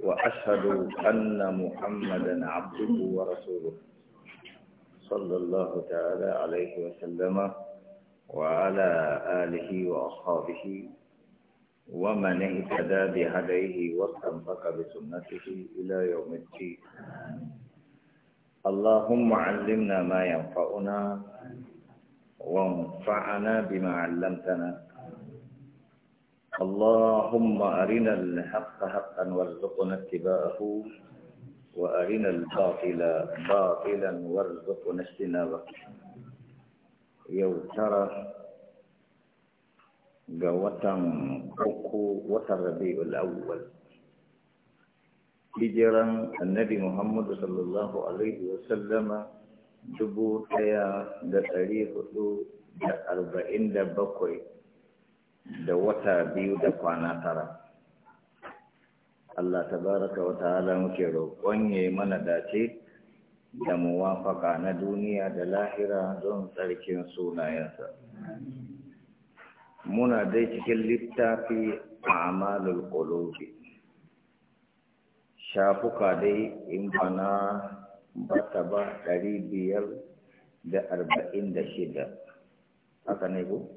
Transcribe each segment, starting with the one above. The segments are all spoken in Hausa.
وأشهد أن محمدا عبده ورسوله صلى الله تعالى عليه وسلم وعلى آله وأصحابه ومن اهتدى بهديه واستنفق بسنته إلى يوم الدين اللهم علمنا ما ينفعنا وانفعنا بما علمتنا اللهم أرنا الحق حقا وارزقنا اتباعه وأرنا الباطل باطلا وارزقنا اجتنابه يو ترى جوتم كوكو وتربيع الأول هجرا النبي محمد صلى الله عليه وسلم جبوتيا دتاريخه دأربعين دبقوي دا da wata biyu da kwana tara Allah ta baraka wata ta'ala muke roƙon ya yi mana dace da muwafaka na duniya da lahira don tsarkin sunayensa muna dai cikin littafi a amalul qulubi shafuka dai in bana bata ba ɗari biyar da arba'in da shida haka ne ku?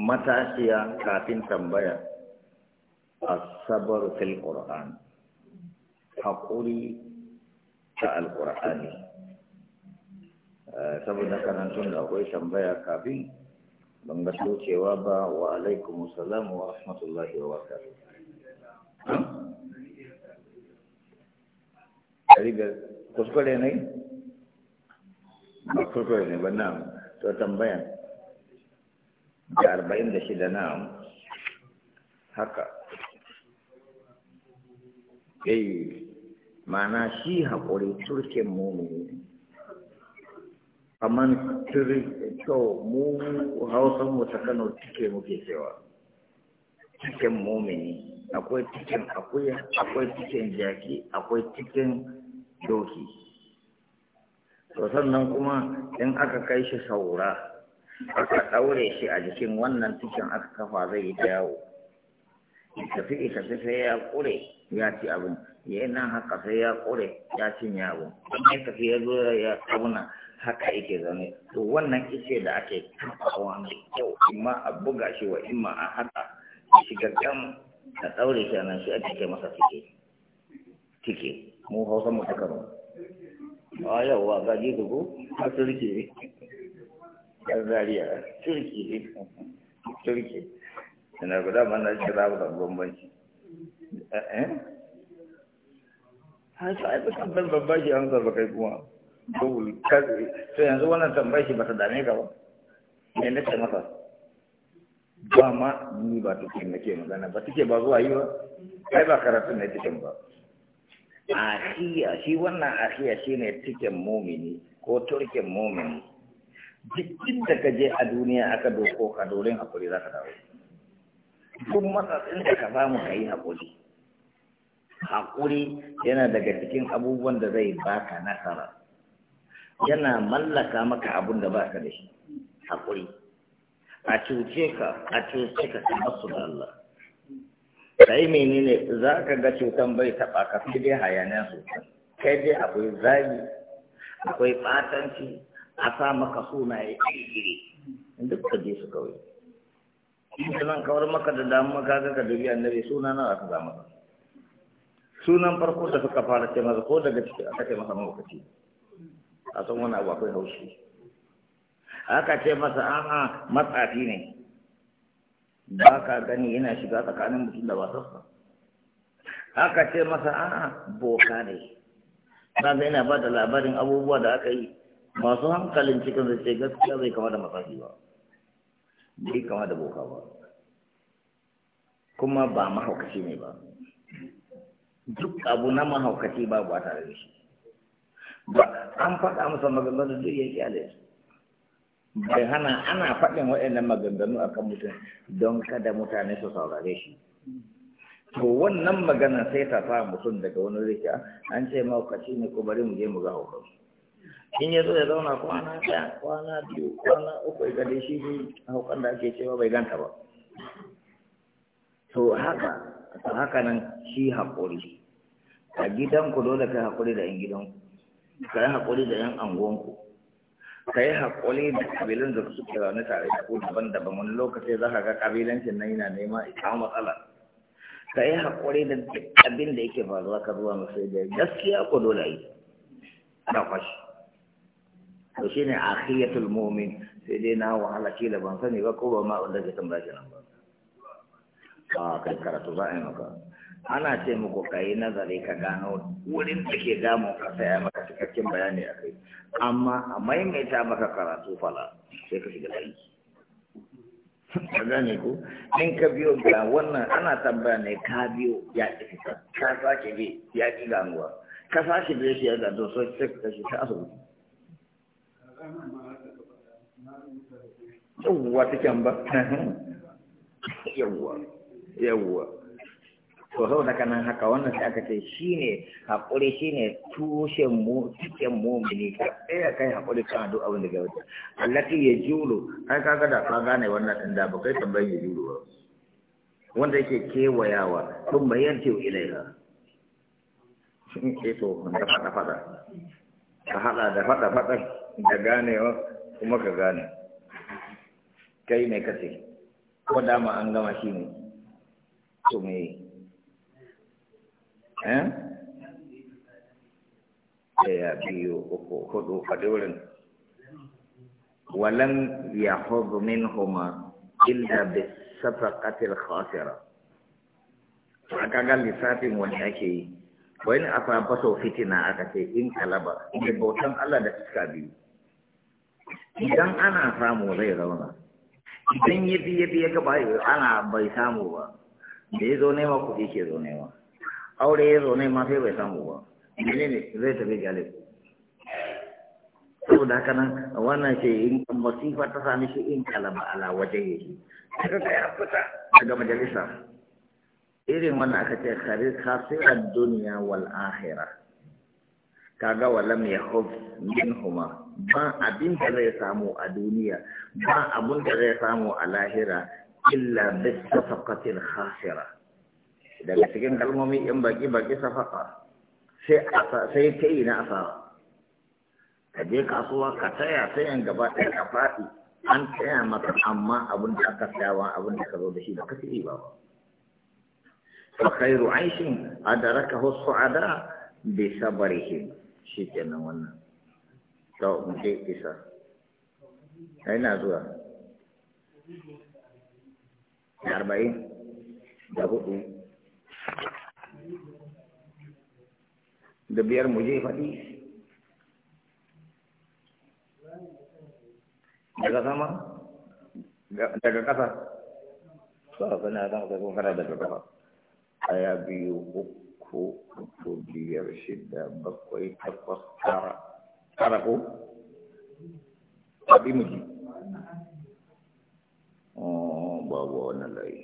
matashiya kafin tambaya asabar fil qur'an haƙuri ta alƙur'ani eh, saboda karantun da akwai tambaya kafin ban ga cewa ba wa alaikum salam wa rahmatullahi wa barakatuh kuskure ne kuskure ne ba na to tambayan da arba'in da shida na haka eh mana shi haƙuri turkin mumini amma turi to mu hausa mu ta kano cike muke cewa cikin mumini akwai cikin akuya akwai cikin jaki akwai cikin doki to sannan kuma in aka kai shi saura aka ɗaure shi a jikin wannan cikin aka kafa zai yi ta yawo tafi ita sai ya ƙure ya ci abin ya yi nan haka sai ya ƙure ya cin yawo in tafi ya zo ya ƙauna haka yake zaune to wannan ice da ake kafawa mai kyau imma a buga shi wa imma a haka ya shiga kan a ɗaure shi nan shi ake ce masa tike tike mu hausa mu ta karo a yawwa gaji ku ko har su rike ɗan zariya turki turki ina guda mana shi rabu da bambanci eh ha eh? shi ai kusan ban babba shi an zarba kai kuma dubul kazi to yanzu wannan tambayar shi ba ta dame ka ba me na ce masa ba ma ni ba take nake magana ba take ba zuwa yi ba kai ba karatun ne take ba akhiya shi wannan akhiya shine tiken mumini ko turken mumini duk inda ka je a duniya aka doko ka dorin hakuri za ka dawo duk matsatsin da ka samu ka yi hakuri hakuri yana daga cikin abubuwan da zai baka nasara yana mallaka maka abun da baka da shi hakuri a cuce ka a cuce ka ka masu da Allah menene za ka ga cutan bai taba ka fi dai hayaniya sosai kai dai akwai zagi akwai batanci a sa maka sunaye iri duk ka je su kawai ka nan kawar maka da damuwa kaga ka dubi annabi suna nawa ka maka sunan farko da suka fara ce masa ko daga ciki aka ce masa mawukaci a san wani abu akwai haushi aka ce masa a'a matsafi ne ba ka gani yana shiga tsakanin mutum da wasarsa aka ce masa a'a boka ne kaga yana ba da labarin abubuwa da aka yi masu hankalin cikin zai ce gaskiya zai kama da masaji ba zai kama da boka ba kuma ba mahaukaci ne ba duk abu na mahaukaci ba ba tare da shi ba an faɗa masa maganganu duk ya kyale su bai hana ana faɗin waɗannan maganganu a kan mutum don kada mutane su saurare shi to wannan magana sai ta sa mutum daga wani rikiya an ce mahaukaci ne ko bari mu je mu ga hukunsu in ya zo ya zauna kwana ɗaya kwana biyu kwana uku ga dai shi ne hukun da ake cewa bai ganta ba to haka to haka nan shi haƙuri a gidanku dole kai haƙuri da 'yan gidanku ka yi haƙuri da 'yan anguwanku ka yi haƙuri da kabilan da suke zaune tare da ku daban-daban wani lokaci za ka ga kabilancin nan yana nema kawo matsala ka yi haƙuri da duk abin da yake faruwa ka zuwa masu da gaskiya ku dole yi na kwashi to shi ne akhiyatul mumin sai dai na wahala kila ban sani ba ko ba ma wanda ke tambaya shi nan ba a kai karatu za a yi maka ana ce muku ka yi nazari ka gano wurin da ke damun ka saya maka cikakken bayani a kai amma a maimaita maka karatu fala sai ka shiga aiki ka gane ku in ka biyo ga wannan ana tambaya ne ka biyo ya ƙi ka sake bi ya ƙi ganuwa ka sake biyo shi don gano sai ka shi ta asibiti yawwa cikin ba yawwa yawwa to sau da kanan haka wannan sai aka ce shi ne haƙuri shi ne tushen mu cikin mumini ka tsaya kai haƙuri kan duk abin da ga wuce allati ya julu ai kaga da ka gane wannan din da bakai tambayin ya julu ba wanda yake kewayawa tun bayan tew ilaiha eh to da fada fada ka hada da fada fada da ganewa kuma ka gane kai ne kace ko dama an gama shi ne to me eh ya biyu uku hudu Walan ya walam min minhuma illa bis safaqatil khasira aka ga lissafin wani ake yi wani asabato fitina aka ce in kalaba ne bautan Allah da fuska biyu idan ana samu zai zauna idan ya fi ya fi ya gaba ana bai samu ba da ya zo nema kuɗi ke zo nema aure ya zo nema sai bai samu ba ne ne zai tafi galib sau haka kanan wannan ce in masifa ta sami shi in kalama ala waje ya shi daga ga ya fita daga majalisa irin wannan aka ce kare khasirar duniya wal akhirah kaga walam min huma. ba abin da zai samu a duniya ba abin da zai samu a lahira illa bis safaqatil khasira daga cikin kalmomi in baki baki safaqa sai sai kai na asa ka je kasuwa ka taya sayan gaba ɗaya ka faɗi an taya maka amma abin da aka sayawa abin da ka zo da shi ba ka ci ba fa khairu aishin adarakahu su'ada bi sabrihim shi kenan wannan to mu je isa ai na zuwa arba'in da hudu da biyar mu je faɗi daga sama daga ƙasa ba kana zama ka kuma daga ƙasa aya biyu uku uku biyar shida bakwai takwas tara kada ko abi muji oh babu wannan lai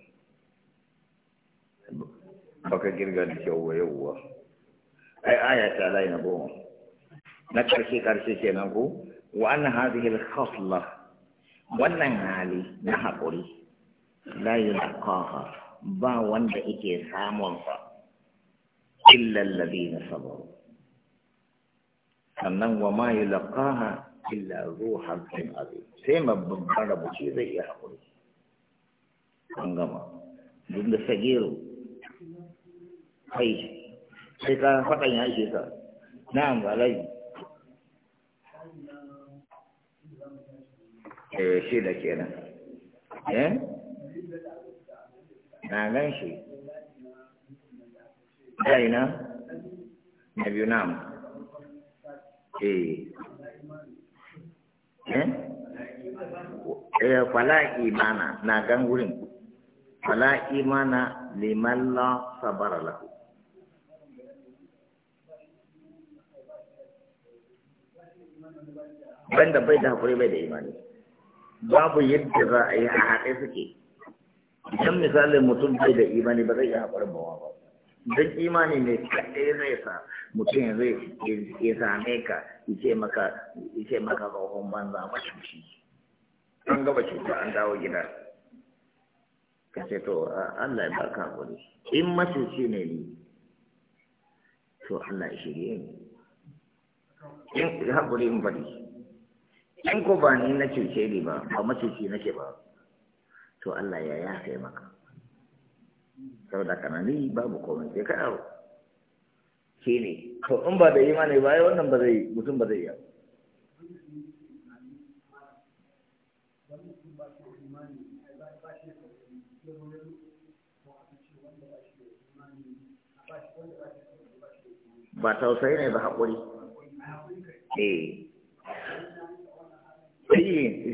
baka girga da kyau yauwa ai aya ta lai na goma na karshe karshe kenan ko wa anna hadhihi al-khasla wannan hali na haƙuri la yulqaha ba wanda ike samun fa illa na sabaru sannan wa ma yulqaha illa ruhan min azim sai babban rabu shi zai iya haƙuri. an gama duk da sagiru kai sai ka faɗan ya ce ka na'am alai eh shi da nan eh na gan shi na biyu na na'am Eh. Eh? eh fala imana na gan wurin fala imana liman la sabara lahu banda bai da hakuri bai da imani babu yadda za a yi a haɗe suke idan misalin mutum bai da imani ba zai yi haƙurin bawa ba don imani ne kaɗai zai sa mutum zai ya same ka ya ce maka ya ce maka tsohon banza macuci an gaba cuta an dawo gida ka ce to Allah ya baka hakuri in macuci ne ni to Allah ya shirye ni in hakuri in faɗi in ko ba ni na cuce ni ba ba macuci nake ba to Allah ya yafe maka sau da kanani ni babu komai sai ka yaro shi ne to in ba da imani ba ya wannan ba zai mutum ba zai iya. ba tausayi ne ba haƙuri eh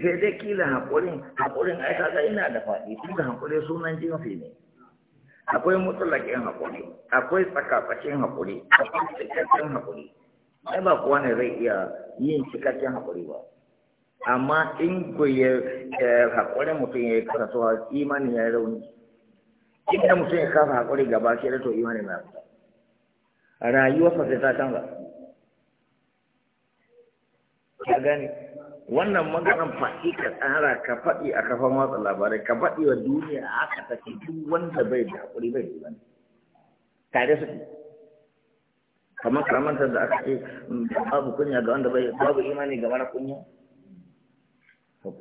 sai dai kila haƙurin haƙurin ai kaga ina da faɗi tun da haƙuri sunan jinsi ne akwai mutsalakin haƙuri akwai tsakatsakin haƙuri akwai cikakken haƙuri ai ba kowa ne zai iya yin cikakken haƙuri ba amma in goye eh, haƙuri mutum ya yi karatuwa imanin ya yi rauni da mutum ya kafa haƙuri gaba shi da to imanin ya fita rayuwa fa sai ta canza ka gani. wannan maganan faɗi ka tsara ka faɗi a kafan watsa labarai ka faɗi wa duniya a haka take duk wanda bai da haƙuri bai da wani tare su kamar ta da aka ce mm, babu kunya ga wanda bai babu imani ga mara kunya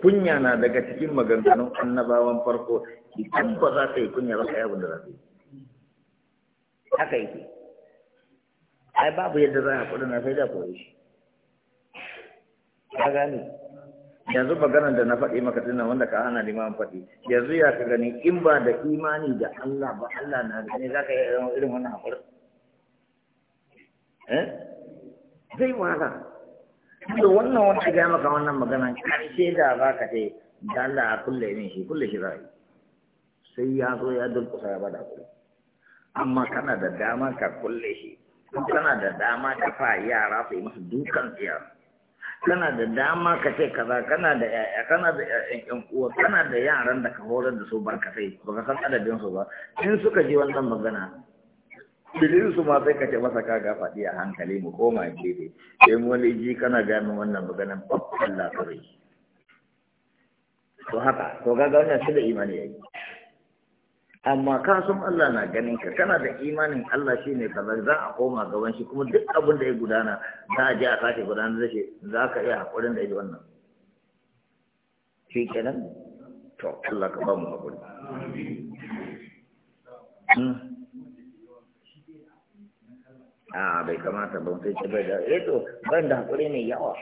kunya na daga cikin maganganun annabawan farko idan ba za ka yi kunya ba ka yi abin da za ka yi haka yake ai babu yadda za a haƙuri na sai da koyi shi ka gani yanzu maganar da na faɗi maka dinnan wanda ka hana liman faɗi yanzu ya ka gani in ba da imani da Allah ba Allah na gani za ka yi irin wannan haƙuri eh zai wala da wannan wanda ya maka wannan maganan ƙarshe da ba ka ce da Allah a kulle min shi kulle shi zai sai ya zo ya durkusa ya bada kulle amma kana da dama ka kulle shi kana da dama ka fa yara su yi musu dukan tsiyar kana da dama ka ce kaza kana da yaya kana da yayan yan uwa kana da yaran da ka horar da su barkatai ba ka san adadin su ba in suka ji wannan magana bilin su ma sai ka ce masa kaga faɗi a hankali mu koma gefe sai wani ji kana gane wannan maganan babban labarai to haka to kaga wannan shi da imani yayi amma ka san Allah na ganin ka kana da imanin Allah shi ne kamar za a koma gaban shi kuma duk abin da ya gudana za a je a sake gudanar da shi za ka iya haƙurin da ya wannan shi kenan to Allah ka ba mu haƙuri hmm? a ah, bai kamata ba sai ce bai da eto eh ban da haƙuri mai yawa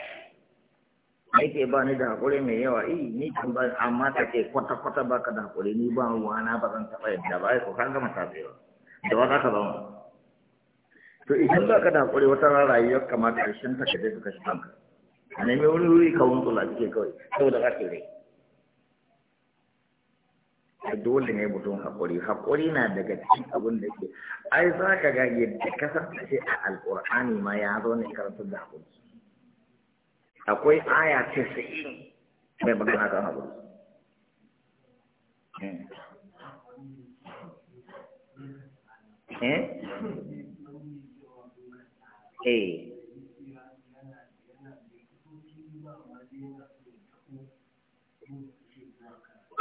aike ba ni da hakuri mai yawa i ni kan ba amma ta ce kwata kwata ka da hakuri ni ba ruwa na ba zan taba yadda ba ko kan gama tafiya da ba ka zama to idan ka da hakuri wata rayuwar kamata shi ta kaje ka shi kanka a nemi wuri wuri ka wunto la kike kawai saboda ka ke rai dole ne mutum hakuri hakuri na daga cikin abin da ke ai za ka ga yadda ka san a alƙur'ani ma ya zo ne karatun da hakuri akwai aya casa'in mai magana kan haƙuri eh? eh eh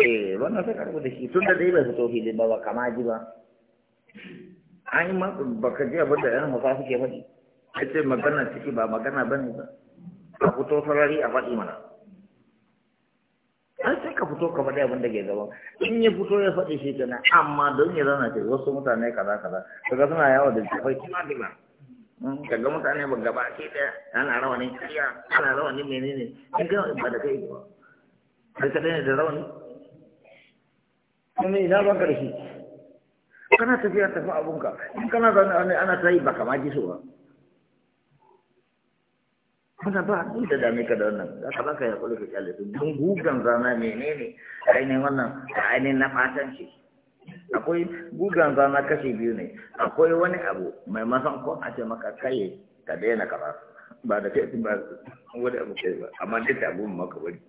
eh wannan sai karbu da shi tun da dai bai fito ba ba kama ji ba an yi baka ji abin da yan hausa suke faɗi ce magana ciki ba magana ne ba a fito sarari a faɗi mana an sai ka fito kamar dai abinda ke gaban in ya fito ya faɗi shi ta amma don ya zana ce wasu mutane kaza kaza ga suna yawa da kuma kima ka hmm, kaga mutane ba gaba ke da ana rawanin kariya ana rawanin menene in ga ba da kai ba kai kadai daina da rawani kuma ina ban karshe kana tafiya tafi abunka in kana zaune ana ta yi baka ma ji so ba Masa ba abin da dame ka da wannan, za ka baka ya kula ka kyale su, don gugan zana menene ainihin wannan da ainihin na fatan shi. Akwai gugan zana kashi biyu ne, akwai wani abu mai masan ko a ce maka kai ka daina ka ba. Ba da kai ba wani abu kai ba, amma duk da abu maka wani.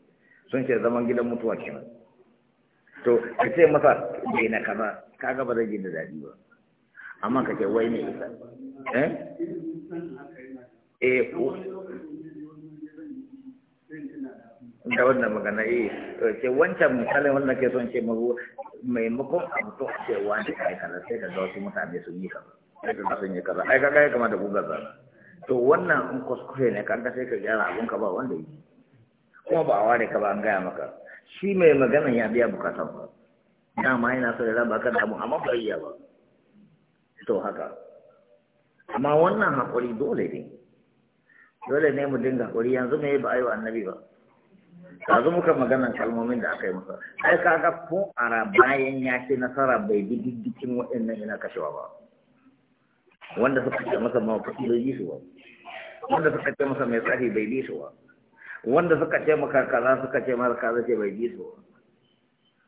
Sun ce zaman gidan mutuwa kenan. To, ka ce masa daina ka ba, ka ga ba zai ji da daɗi ba. Amma ka ce wai ne isa. Eh? Eh, da wannan magana eh to ce wancan misalin wannan ke son ce mai mako abu to ce wani kai kaza sai da ga wasu mutane sun yi kaza sai ka sun yi kaza ai kaga ya kamata ku gaza to wannan in kuskure ne kaga sai ka gyara abun ka ba wanda yi kuma ba ware ka ba an gaya maka shi mai magana ya biya bukatan ba dama yana so ya raba kan abu amma ba iya ba to haka amma wannan haƙuri dole ne dole ne mu dinga haƙuri yanzu me ba a yi wa annabi ba zo muka maganan kalmomin da aka yi masa ai kaga ko ara bayan ya ce nasara bai bi diddikin waɗannan yana kashewa ba wanda suka ce masa ma fasiloji su ba wanda suka ce masa mai tsari bai bi su ba wanda suka ce maka kaza suka ce maka kaza ce bai bi su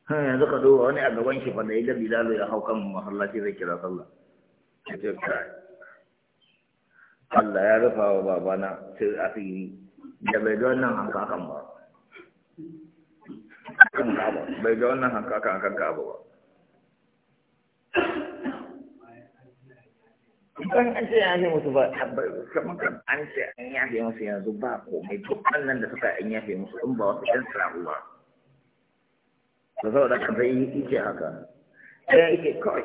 ba yanzu ka duba wani a gaban shi fanda ya ga bilalo ya hau kan masallaci zai kira sallah ce Allah ya rufa wa babana sai asiri da bai ga wannan hankakan ba kan kaba bai ga wannan hankaka a kan kaba ba kan an ce yafe musu ba kamar kan an ce an yafe musu yanzu ba komai duk wannan da suka an yafe musu in ba wasu ɗan sa'u ba ba zau da kan zai yi ce haka ɗaya yake kawai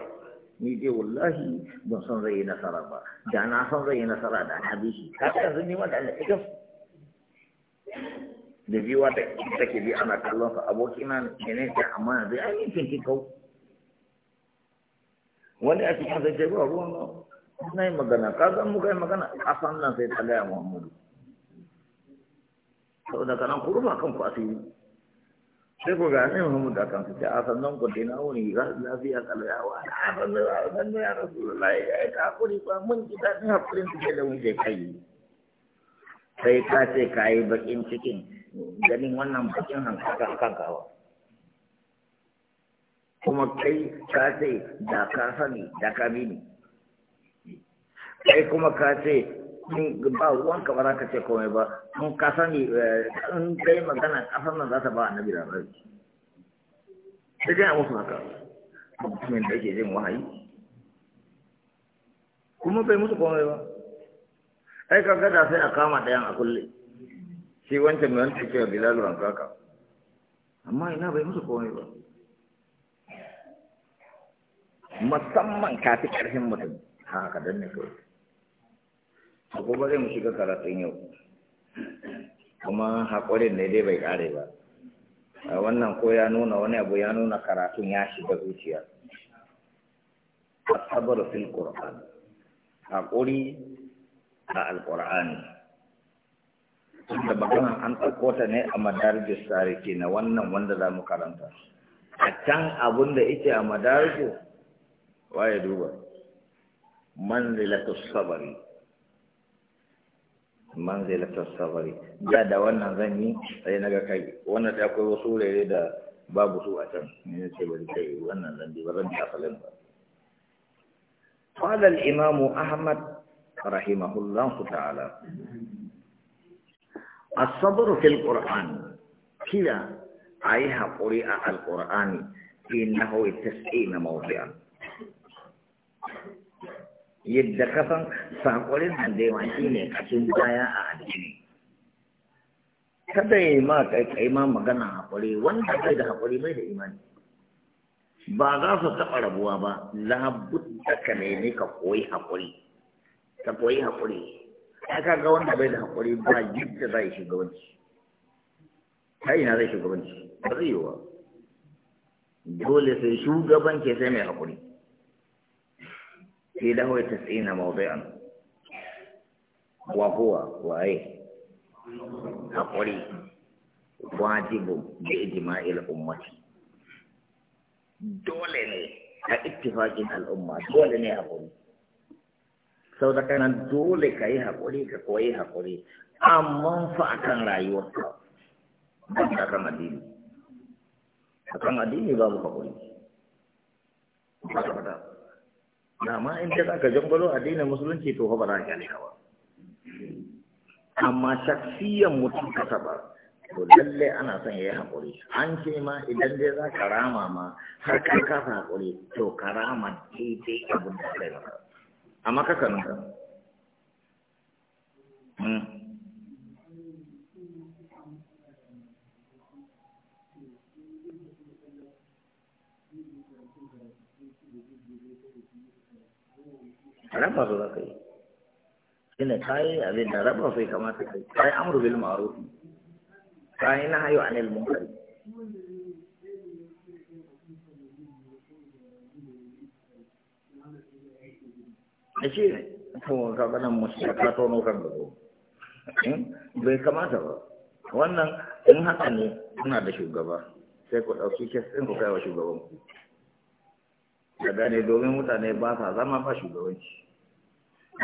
ni je wallahi ban son zai yi nasara ba da na son zai yi nasara da na ka ta yanzu ni ma da Allah ya da biyuwa da take bi ana kallon ka aboki na ne ta amma yanzu ya yi tinki kau wani a cikin sai ce ba ruwan na yi magana ka san muka yi magana san nan sai ta gaya muhammadu saboda kana ku rufa kanku asiri sai ku ga ne muhammadu da kansu ce a sannan ku dina wani ga lafiya kalayawa a sannan a sannan ya rasu da layi ya yi ta hakuri ba mun ji daɗin hakurin su ke da wuce kai sai ka ce ka yi bakin cikin ganin wannan bakin hankaka a kan kawo kuma kai ka ce da ka sani da ka mini kai kuma ka ce ba ka ba za ka ce komai ba in ka sani eh, in kai magana kasan nan za ta ba annabi labari sai dai a musu haka mutumin da yake jin wahayi kuma bai musu komai ba ai kaga da sai a kama ɗayan a kulle shi wancan nan take cewa bilal an kaka amma ina bai musu komai ba musamman kafi karfin mutum ha ka danne kawai a gobe zai mu shiga karatun yau kuma haƙurin ne dai bai ƙare ba a wannan ko ya nuna wani abu ya nuna karatun ya shiga zuciya asabar fil qur'an haƙuri a alƙur'ani da magana an ɗauko ta ne a madarajus ke na wannan wanda za mu karanta a can abin da yake a madaraju waye duba Man manzilatu sabari manzilatu sabari ya da wannan zan yi sai na ga kai wannan da akwai wasu rere da babu su a can ne ce bari kai wannan zan bi ba zan ta falin ba قال الإمام أحمد ahmad rahimahullahu ta'ala الصبر في القرآن كلا أيها قرئ القرآن إنه تسعين موضعا yadda kasan sakonin handewanci ne kashin baya a addini kada ya yi ma kai ma magana haƙuri wanda kai da haƙuri bai da imani ba za su taɓa rabuwa ba labudda ka nemi ka koyi haƙuri ka koyi haƙuri aka ga wanda bai da haƙuri ba yadda zai yi shugabanci ta ina zai shugabanci ba zai yiwuwa dole sai shugabanci sai mai haƙuri sai da hawaii ta tsina an wahuwa waye haƙuri wajibu da ijima'il ummati dole ne a ittifaƙin al'umma dole ne haƙuri sau da kana dole ka yi haƙuri ka koyi haƙuri amma fa akan rayuwarka ba ta kan addini kan addini babu haƙuri ma in ta zaka jangolo addinin musulunci to ba za ne kawa amma shaksiyan mutum ka saba to lalle ana son ya yi haƙuri an ce ma idan dai za ka rama ma har ka kafa haƙuri to ka rama daidai abin da kai maka amma kaka nuka hmm. raba su za ka yi shi ne kayi abin da raba su kamata ka yi kayi amur bil ma'arufi kayi na hayo anil munkari da shi ne to ga wannan mushtaka to no kan gabo bai kamata ba wannan in haka ne kuna da shugaba sai ku ɗauki kes ɗin ku kai wa shugaban ku ka gane domin mutane ba sa zama ba shugabanci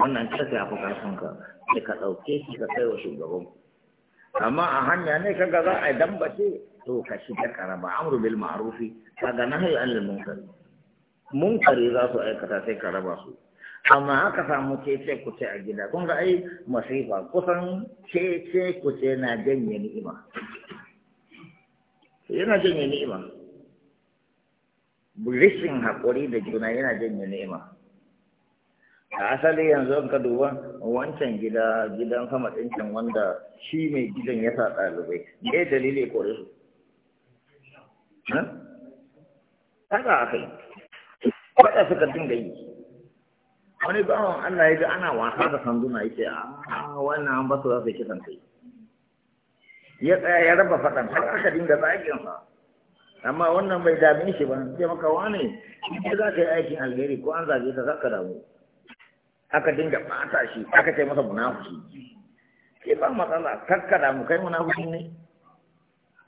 wannan kes ya fi ƙarfin ka sai ka ɗauke shi ka kai wa shugaban ku amma a hanya ne kaga za a dambace to ka shiga karaba amru bil ma'rufi kaga nahyi anil munkar munkari za su aikata sai ka raba su amma aka samu kece kuce a gida kun ga ai masifa kusan kece kuce na janye ni'ima yana janye ni'ima rishin haƙuri da juna yana janye ni'ima a asali yanzu an ka duba wancan gida gidan sama ɗinkin wanda shi mai gidan ya sa ɗalibai me dalili kore su haka a kai Kada suka dinga yi wani bawan Allah ya ga ana wasa da sanduna yake a ah, wannan an basu za su yi kisan kai ya tsaya ya raba faɗan har aka dinga zagin sa amma wannan bai dame shi ba sai maka wane in za ka yi aikin alheri ko an zage ka zaka damu aka dinga ɓata shi aka ce masa munafiki ke ba matsala kakka damu kai munafiki ne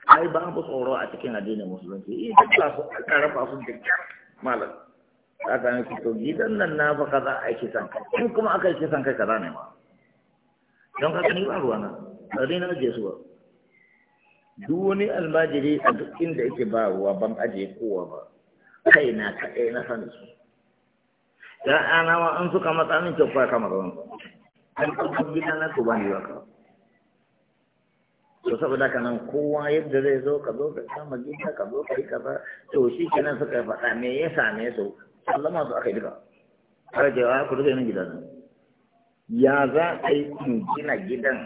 ai babu tsoro a cikin addinin musulunci in ka su aka raba su da kyar malam za ka nufi to gidan nan na fa kaza a yi san kai in kuma aka yi kisan kai kaza ne ma don ka gani ba ruwa na ɗari na je su ba duk wani almajiri a duk inda yake ba ruwa ban aje kowa ba kai na kaɗai na sani su ‘ya'yana ma an suka matsa min kyau kamar ruwan an ɗaukar gidan na ku ba ni ba ka to saboda ka nan kowa yadda zai zo ka zo ka kama gida ka zo ka yi kaza to shi kenan suka faɗa me ya same so alama su aka yi duka har da ya ah, kudu zai gidan ya za a yi kun gina gidan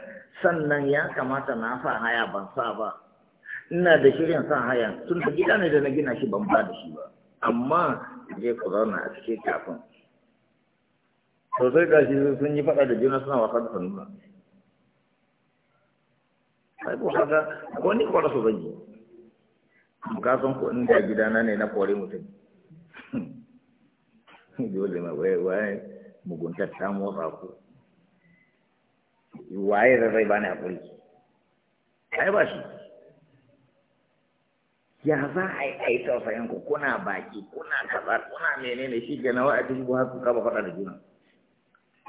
sannan ya kamata na sa haya ban sa ba ina da shirin sa haya tun da gida ne da na gina shi ban ba da shi ba amma je ku zauna a cikin kafin Sosai gashi sun yi faɗa da juna suna wasa da sanuna sai ko haka ko ni ko zan yi ka san ko inda gidana ne na kore mutum dole ma waye waye muguntar ta motsa waye da zai bani hakuri ai ba shi ya za a yi tausayin ku kuna baki kuna kaza kuna menene shi ga nawa a cikin ku ku kaba faɗa da juna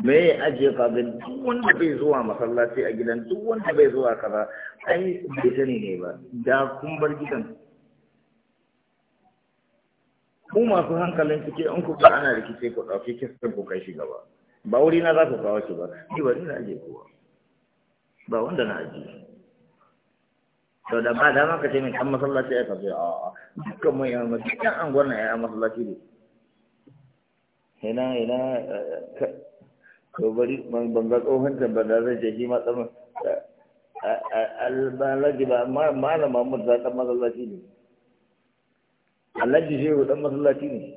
me ya ajiye ka ga duk wanda bai zuwa masallaci a gidan duk wanda bai zuwa kaza ai bai sani ne ba da kun bar gidan ku masu hankalin cike in kuka ana rikice ku ɗauki kistin ku kai shi gaba ba wuri na za ku kawo shi ba ni ba na aje kuwa. ba wanda na ajiye to da ba dama ka ce min kan masallaci ya kafe a dukkan mai yawon masu an gwana ya masallaci ne ina ina eh, ko bari ban ga tsohon tambada zai je shi matsalar eh, eh, albalaji ba malama mahmud za masallaci ne alhaji shehu dan masallaci ne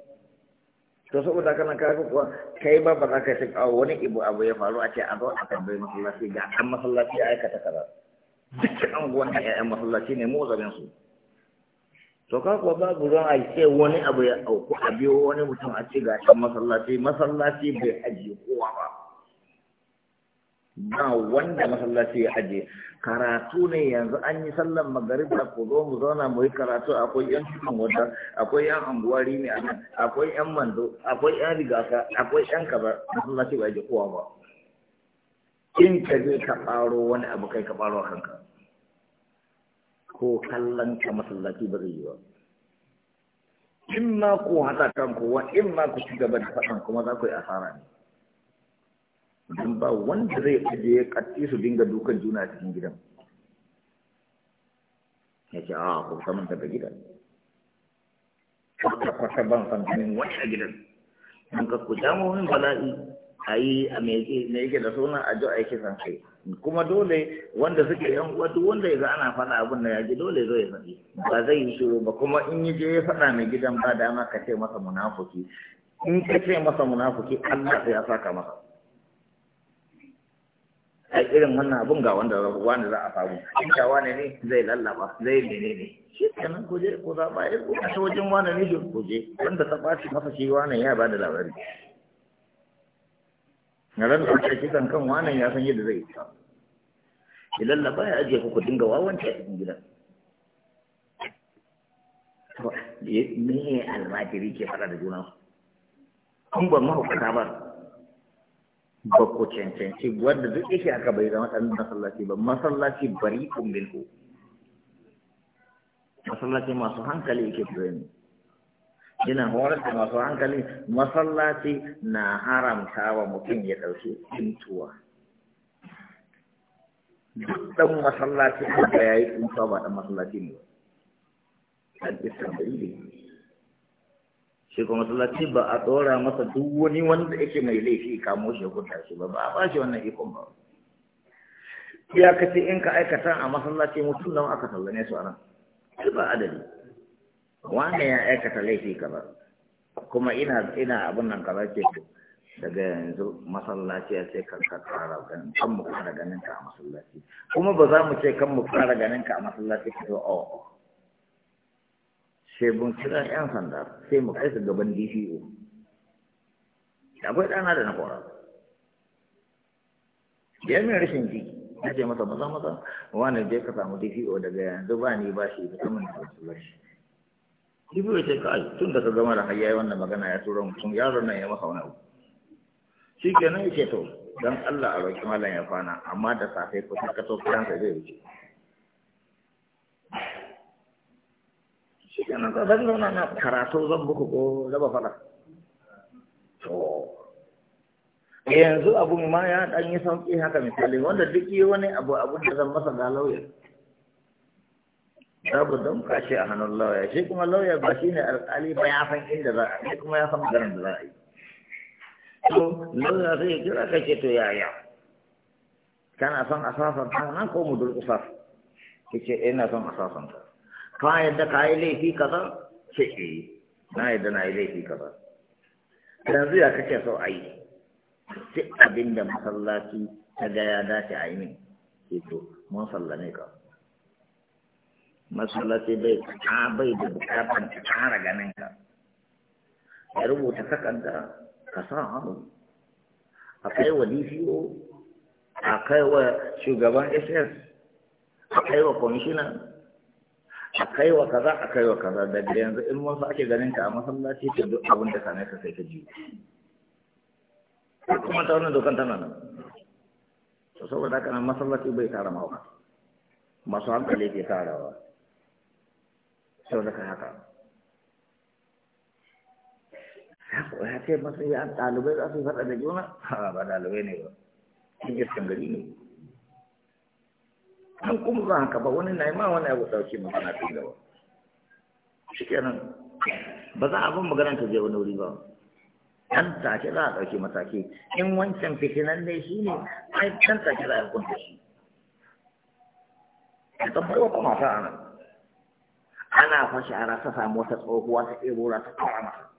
to saboda kana ka ga kuwa kai ba ba za ka shiga wani ibu abu ya faru a ce a zo a tambayi masallaci ga an masallaci a aikata kaza dukkan anguwan da ƴaƴan masallaci ne mu zaben su to ka kuwa babu ruwan a ce wani abu ya auku a biyo wani mutum a ce ga ɗan masallaci masallaci bai ajiye kowa ba ba wanda masallaci ya ajiye karatu ne yanzu an yi sallan magariba ku zo mu zauna mu yi karatu akwai yan cikin wata akwai yan anguwari ne a nan akwai yan mando akwai yan rigasa akwai yan kaza masallaci ba ji kowa ba in ka je ka ɓaro wani abu kai ka ɓaro kanka ko kallon ka masallaci ba zai yi ba in ma ku haɗa kanku wa in ma ku ci gaba da faɗan kuma za ku yi asara ne don ba wanda zai kaje ya katti su dinga dukan juna cikin gidan ya ce a ah, kuma saman daga gidan kwata-kwata ban san fantanin wani a gidan don ka ku jamo min bala'i a yi a meke ne yake da suna a jo aiki san kai kuma dole wanda suke yan uwa duk wanda ya ga ana faɗa abin da ya ji dole zai ya faɗi ba zai yi shiru ba kuma in yi je ya faɗa mai gidan ba dama ka ce masa munafuki in ka ce masa munafuki Allah sai ya saka masa a irin wannan abun ga wanda wani za a samu in ka wane ne zai lallaba zai mene ne shi kenan ko je ko zaba ya eh, ko ta wajen wane ne shi kuje wanda ta ɓaci masa shi wane ya ba da labari na ran da shi kan kan wane ya san yadda zai ta idan lallaba ya ajiye ku ku dinga wawance a cikin gidan me almajiri ke fara da juna an ba mahaukata ba Bakko cancanci wanda duk yake aka bai zama ɗan masallaci ba masallaci bari kumbin ku masallaci masu hankali yake ne. yana horar da masu hankali masallaci na haramta wa mutum ya ɗauki Duk ɗan masallaci haka ya yi tuntuwa ba ɗan masallaci ne ba ɗan isan shi kuma masallaci ba a tsora masa duk wani wanda yake mai laifi kamo shi hukunta shi ba ba a ba shi wannan ikon ba ya kace in ka aikata a masallaci mutum nan aka sallame su a nan sai ba adali wanda ya aikata laifi ka ba, kuma ina ina abin nan ka ce daga yanzu masallaci ya ce kan ka fara ganin kan mu fara ganin ka a masallaci kuma ba za mu ce kan mu fara ganin ka a masallaci ka zo oh, a oh. sai mun kira yan sanda sai mu kai su gaban DPO akwai ɗana da na kora ya mai rashin ji na ce masa maza maza wani je ka samu DPO daga yanzu ba ni ba shi da mun da wasu ba shi DPO ce kai tun da ka gama da hayayi wannan magana ya tura mutum yaron nan ya masa wani abu shi kenan ya ce to don Allah a roƙi malam ya kwana amma da safe ko sai ka to kiransa zai wuce shi zan zauna na karatu zan buku ko raba fara to yanzu abu ma ya dan yi sauki haka misali wanda duk yi wani abu abun da zan masa ga lauya babu don kashi a hannun lauya shi kuma lauya ba shi ne alƙali ba ya san inda za a yi kuma ya san garin da za a yi to lauya zai kira ka ce to yaya kana son a sasanta nan ko mu durƙusa Ke ce eh, ina son a sasanta ka yadda ka yi laifi kaza ce eh na yadda na yi laifi kaza yanzu ya kake so a yi sai abin da masallaci ta ga ya dace a yi min sai eh, mun sallame ka masallaci bai ta bai da bukatar ta kara ganin ka ya rubuta takarda ka sa hannu a kai wa a kai shugaban ss a kai wa a kai wa kaza a kai wa kaza daga yanzu in wasu ake ganin ka a masallaci ta duk abin da same ka sai ka ji kuma ta wannan dokan tana nan to saboda kana masallaci bai tara wa, masu hankali ke tarawa saboda ka haka ya ce masu yi an ɗalibai za su yi faɗa da juna ba ɗalibai ne ba cikin gari ne an kuma ba haka ba wani na ma wani abu ɗauki magana ta gaba shi kenan ba za a bin magana ta je wani wuri ba ɗan take za a ɗauki mataki in wancan fitinan ne shi ne ai ɗan take za a kunta shi a tabbar wa kuma ta nan ana fashi a ta samu wata tsohuwa ta ɗebora ta kwara mata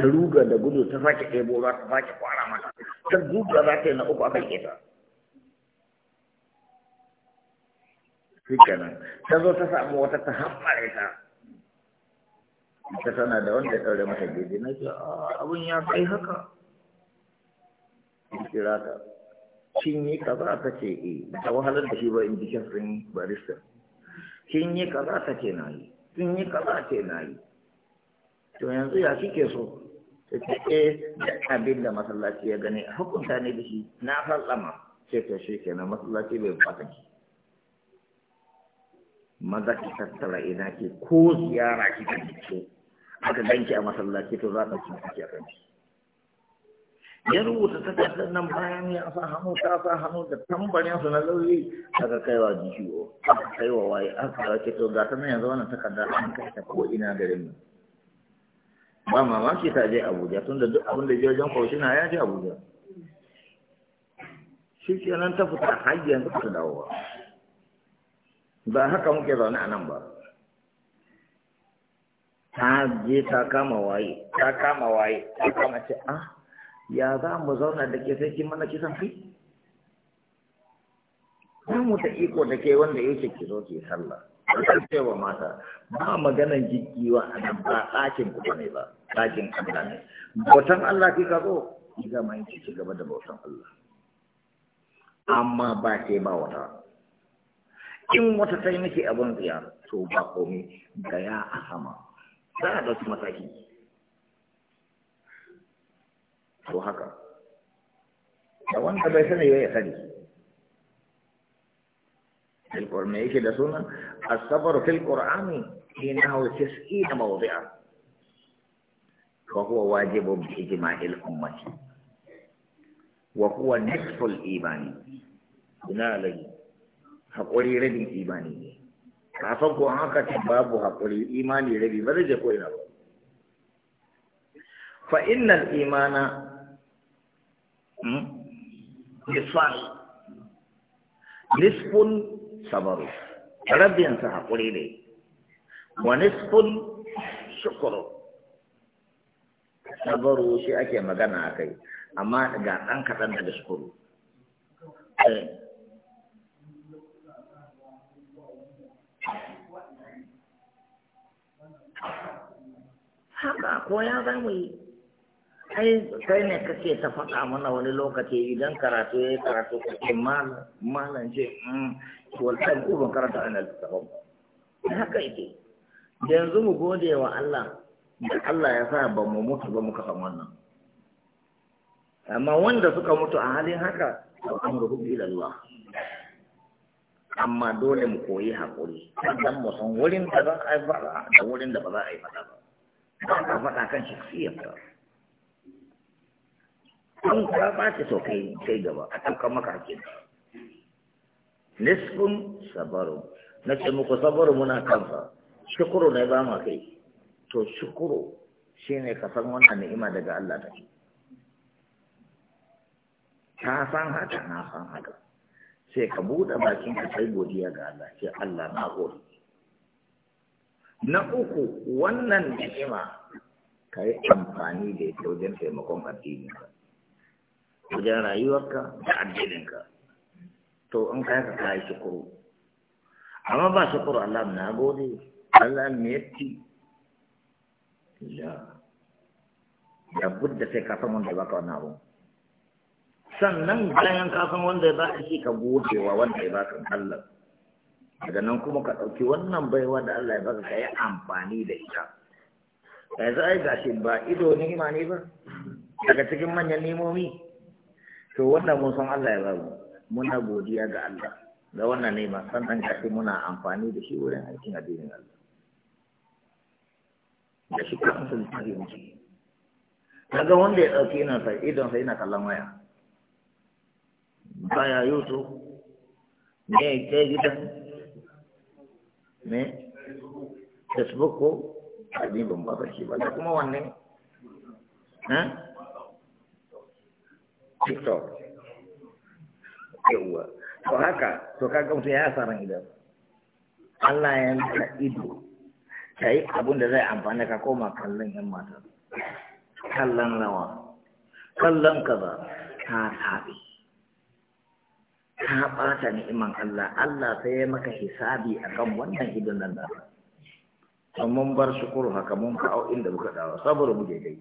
ta ruga da gudu ta sake ɗebora ta sake kwara mata ta ruga za ta yi na uku aka yi ta shi kenan ta zo ta samu wata ta hammare ta ta tana da wanda ya ɗaure mata gidi na ce ah, abin ya kai haka kira ta kin yi kaza ta ce e ta wahalar da shi ba in jikin sun barista kin yi kaza ta ce na yi kin yi kaza ce na yi to yanzu ya kike so ta ce e eh, da abin da masallaci ya gane hukunta ne da shi na sallama ce ta shi kenan masallaci bai bata ki maza ki tattara ina ke ko ziyara ki ta ce aka danki a masallaci to za ka ci ki a kanki ya rubuta takardar nan bayan ya sa hannu ta sa hannu da tambarin su na lauyi aka kaiwa DPO aka kaiwa waye aka rake to ga ta nan yanzu wannan takardar an kai ta ko ina garin nan ba mamaki ta je Abuja tunda duk abin da je wajen na ya je Abuja shi kenan ta fita har yanzu ta dawowa ba haka muke zaune a nan ba ta je ta kama waye ta kama waye ta kama ce ah ya za mu zauna da ke sai kin mana kisan kai ba mu ta iko da ke wanda yake ki zo ki sallah ce cewa mata ba maganan jikiwa a nan ba ɗakin kuma ne ba ɗakin Allah ne bautan Allah ki ka zo ki ga mai ki gaba da bautan Allah amma ba ke ba wata in wata sai nake abin ziyar to ba komi gaya a hama, za a dauki mataki to haka da wanda bai sani ya sani filkor me yake da sunan asabar filkor ami shi na hau tiski da mawuzi'a وهو واجب بإجماع Wa وهو نصف الإيمان هنا لي haƙuri rabin imani ne kafin ko haka ce babu haƙuri imani rabi ba zai je ko ina ba fa innal imana hmm, nisfan nisfun sabaru rabin sa haƙuri ne wa nisfun shukuru sabaru shi ake magana a kai amma ga ɗan kaɗan daga shukuru eh. haka ko ya za mu yi ai kai ne kake ta faɗa mana wani lokaci idan karatu ya yi karatu kake malam ce mm, wallahi ko ban karanta ana littafin ba haka yake yanzu mu gode wa Allah da Allah ya sa ba mu mutu ba muka san wannan amma wanda suka mutu a halin haka an ila ilallah amma dole mu koyi haƙuri dan mu san wurin da za a yi fada da wurin da ba za a yi fada ba a ka faɗa kan shaksiyarka an ka ba ce to kai kai gaba a ɗaukar maka hakin nisfun sabaru na ce muku sabaru muna kansa shukuru ne ba ma kai to shukuru shine ka san wannan ni'ima daga Allah take ta san haka na san haka sai ka buɗe bakin ka sai godiya ga Allah sai Allah na gode na uku wannan ni'ima ka yi amfani da ita wajen taimakon addininka wajen rayuwarka da addininka to in ka ka kayi shukuru amma ba shukuru Allah na gode Allah mai yatti Ya da budda sai ka wanda ya baka wannan abu sannan bayan ka wanda ya baka shi ka gode wa wanda ya baka Allah daga nan kuma ka ɗauki wannan baiwa da Allah ya baka ka yi amfani da ita a yi gashi ba ido ni'ima ne ba daga cikin manyan nemomi to wannan mun san Allah ya ba mu muna godiya ga Allah da wannan ni'ima sannan gashi muna amfani da shi wurin aikin addinin Allah da shi kansa da tarihi Daga wanda ya ɗauki ina sa idon sa yana kallon waya baya youtube ne ya gidan ne facebook ko abin ban ba shi ba da kuma wanne ha tiktok yawwa to haka to kaga mutum ya sa ran idan Allah ya ka ido ka yi abin da zai amfana ka koma kallon yan mata kallon rawa kallon kaza ta tafi ka ɓata ni'iman Allah Allah sai ya maka hisabi akan wannan idon nan da mun bar shukuru haka mun ka au inda muka dawo saboda mu dai.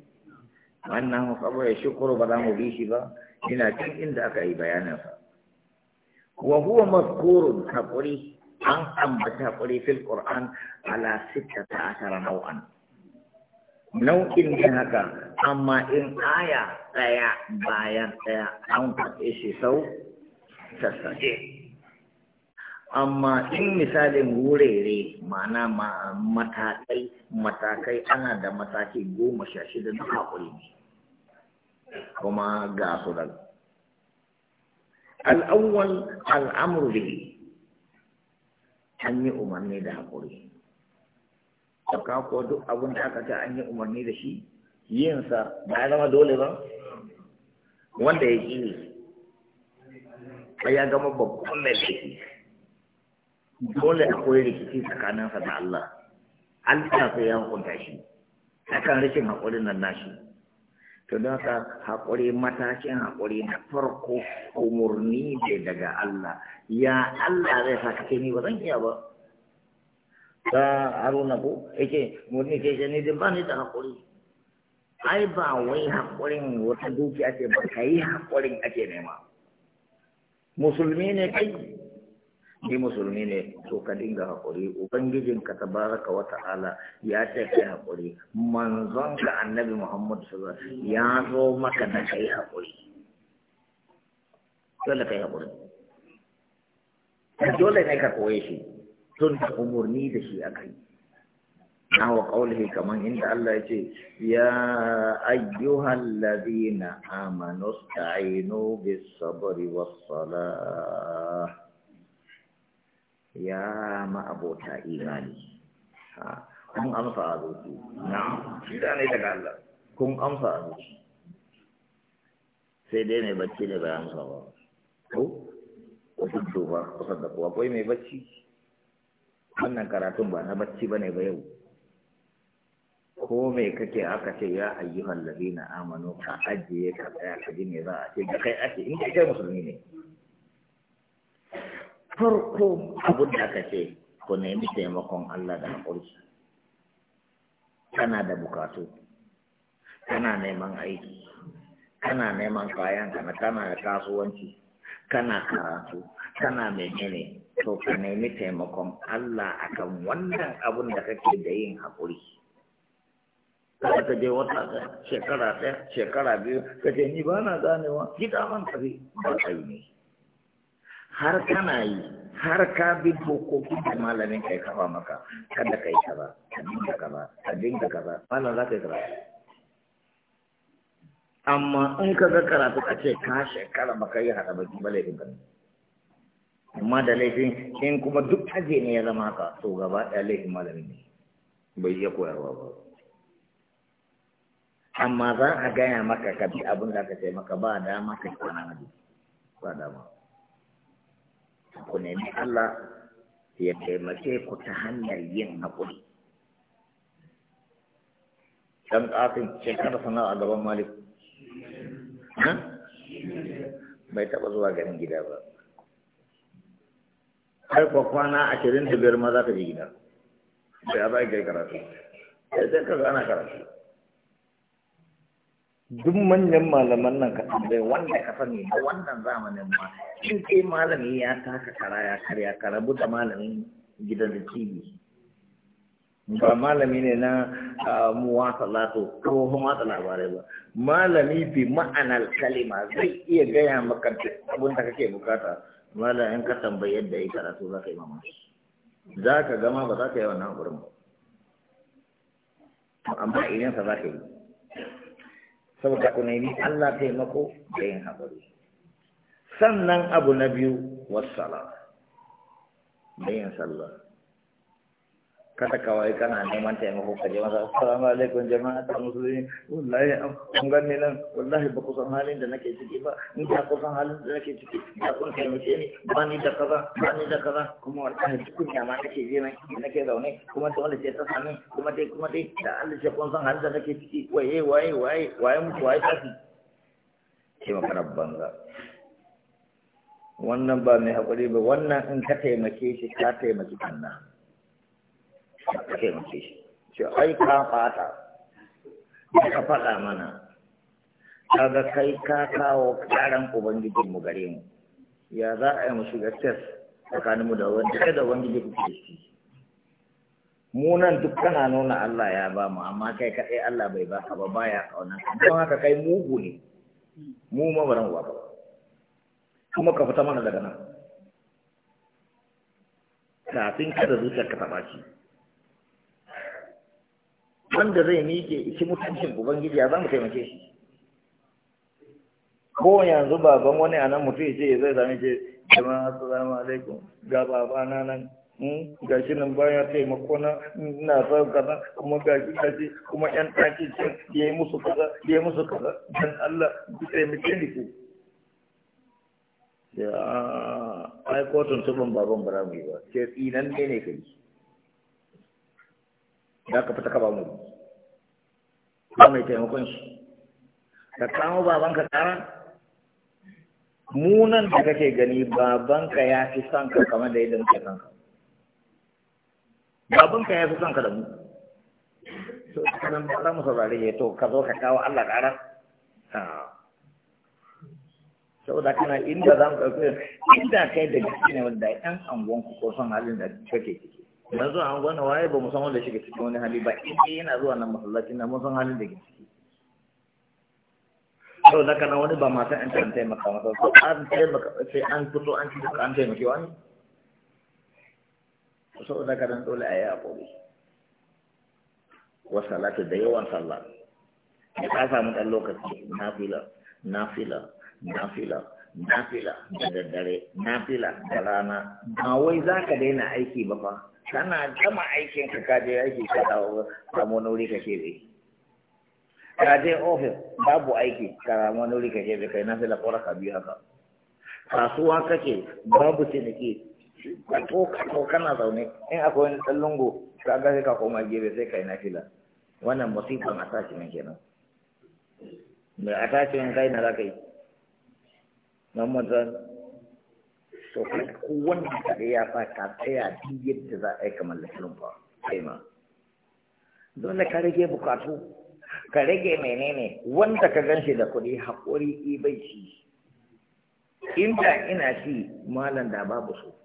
wannan saboda shukuru ba za mu bi shi ba ina cin inda aka yi bayanin sa wa huwa mazkurun hakuri an ambata hakuri fil qur'an ala sittata asara nau'an nau'in ne haka amma in aya ɗaya bayan ɗaya an faɗe shi sau sassaje amma in misalin wurere mana matakai matakai ana da mataki goma sha shida na haƙuri ne kuma ga su da al'awwal al'amur an yi umarni da haƙuri ka ko duk abin da aka ta an yi umarni da shi yinsa ba ya zama dole ba wanda ya yi ya gama babban mai laifi dole akwai rikici tsakaninsa da Allah Allah sai ya hukunta shi akan rikin haƙurin nan nashi to don haka haƙuri matashin haƙuri na farko umarni ne daga Allah ya Allah zai sa ka ni ba zan iya ba ta haruna ko yake murni ke ni din ba ni da haƙuri ai ba wai haƙurin wata dukiya ce ba ka yi haƙurin ake nema musulmi ne kai ni musulmi ne to ka dinga haƙuri ka ta baraka wa ta'ala ya ce kai haƙuri ka annabi muhammad sallallahu alaihi ya zo maka da kai haƙuri dole kai haƙuri dole ne ka koye shi tun da umurni da shi a kai. nahwa qawlihi kaman inda Allah yace ya ayyuhalladhina amanu ista'inu bis-sabri was-salah ya ma ma'abota imani ha kun amsa azuci na'am shi da ne daga Allah kun amsa azuci sai dai mai bacci ne bayan sa ba ko ko duk ba ko sadaka ko mai bacci wannan karatun ba na bacci bane ba yau ko mai kake aka ce ya ayyuhan ladina amanu ka ajiye ka tsaya ka ji me za a ce da kai ake in ka kai musulmi ne farko abin da aka ce ku nemi taimakon Allah da haƙuri kana da bukatu kana neman aiki kana neman kayan kana kana da kasuwanci kana karatu kana menene to ka nemi taimakon Allah akan wannan abun da kake da yin haƙuri kada ka je wata ɗaya shekara ɗaya shekara biyu ka ce ni ba na ganewa gida ban tafi ba yi ne har kana yi har ka bi dokokin da malamin kai kafa maka kada ka yi ka dinga ba ka dinga ba malam za ka yi karatu amma in ka ga karatu ka ce ka shekara baka yi haɗa baki ba laifin ka amma da laifin in kuma duk aje ne ya zama haka to gaba ɗaya laifin malamin ne bai iya koyarwa ba amma za a gaya maka ka bi abin da aka ce maka ba dama ka kwana na bi ba dama ku nemi Allah ya taimake ku ta hanyar yin haƙuri dan ƙafin shekara sana a gaban malik bai taɓa zuwa ganin gida ba har kwa kwana ashirin da biyar ma za ka ji gida bai a za a yi karatu sai ka ana karatu duk manyan malaman nan ka tambaye wanda ka sani da wannan zamanin ma in kai malami ya taka kara ya karya ka rabu da malamin gidan da cibi ba malami ne na muwa salatu ko watsa labarai ba malami bi ma'anar kalima zai iya gaya maka abin da kake bukata malamin ka tambaye yadda ya karatu za ka yi mamaki za ka gama ba za ka yi wannan gurin ba amma idan sa za ka yi saboda ku nemi Allah taimako da yin haƙuri sannan abu na biyu wassala da yin sallah kada kawai kana neman taimako ka je masa assalamu alaikum jama'a ta musulmi wallahi an ganni nan wallahi ba ku san halin da nake ciki ba in ka ku san halin da nake ciki ka kun taimake ni ba ni da kaza ba ni da kaza kuma wallahi duk ya ma nake je nan nake zaune kuma wanda ce ta sami kuma dai kuma dai da Allah ce kun san halin da nake ciki waye waye waye waye mutu waye tafi Ke ma rabban banza wannan ba mai hakuri ba wannan in ka taimake shi ka taimaki kanna ka taimake shi ai ka fata ka faɗa mana kaga kai ka kawo karan ubangijin mu gare mu ya za a yi mu shiga tes tsakanin mu da wanda kai da ubangiji kuke shi mu nan duk kana nuna Allah ya ba mu amma kai kaɗai Allah bai ba ka ba baya kauna don haka kai mugu ne mu ma baran uwa ba kuma ka fita mana daga nan kafin kada zuciyar ka ta baki wanda zai miƙe iki mutuncin ubangiji ya zama taimake shi ko yanzu baban wani a nan mutum ce zai sami ce jama'a assalamu alaikum ga baba na nan hmm, ga shi nan baya taimako na ina son kaza kuma ga shi ga shi kuma yan ɗaki ce ya yi musu kaza ya yi musu kaza dan Allah ku taimake ni ku ya ai ko tuntuban baban bara mu ba ce tsinan ne ne kai da ka fita ka ba mu ba mai taimakon shi ka kawo babanka tsara munan da kake gani babanka ya fi son ka kamar da yadda muke son ka babanka ya fi son ka da mu to kanan ba za mu saurare ya to ka zo ka kawo Allah ƙara saboda kana inda za mu ɗauki inda kai da gaske ne wanda ɗan angon ku ko son halin da kake ciki na zuwa an gwana waye ba mu san wanda shiga cikin wani hali ba inda yana zuwa nan masallacin na mun halin da ke ciki sau da kana wani ba matan an can taimaka masa so an taimaka sai an fito an ci duka an taimaki wani sau da kanan dole a yi haƙuri wasa salatu da yawan sallah ya ta samu ɗan lokaci na na fila fila na fila na fila da daddare na fila da rana ba wai za ka daina aiki ba fa kana gama aikin ka ka je aiki ka dawo samu nuri ka shebe ka je ofis babu aiki ka samu nuri ka shebe kai na fila kora ka biyu haka kasuwa kake babu ciniki ka to ka to kana zaune in akwai wani dan lungu ka ga sai ka koma gebe sai kai na fila wannan musibin a tashi ne kenan mai a tashi ne kai na za ka yi Muhammad so ko wanda kaɗai ya sa ka tsaya duk yadda za a yi kamar lafiyan ba ma dole ka rage bukatu ka rage menene wanda ka gan shi da kuɗi haƙuri bai ci inda ina ci malam da babu so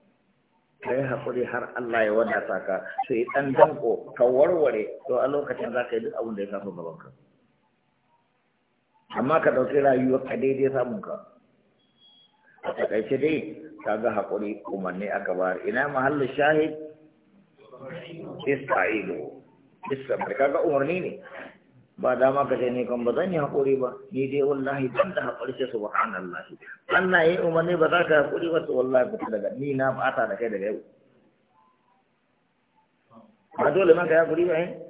ka yi haƙuri har Allah ya wadata ka su yi ɗan danko ka warware to a lokacin za ka yi duk abin da ya kafa ka. amma ka ɗauki rayuwar ka daidai samun ka a takaice dai kaga haƙuri umarni aka bayar ina mahallu shahid ista'ilu istabar kaga umarni ne ba dama ka ce ne kan ba zan yi haƙuri ba ni dai wallahi ban da haƙuri sai subhanallah Allah yi umarni ba za ka haƙuri ba to wallahi ba daga ni na ba ta da kai daga yau ba dole ma ka yi haƙuri ba eh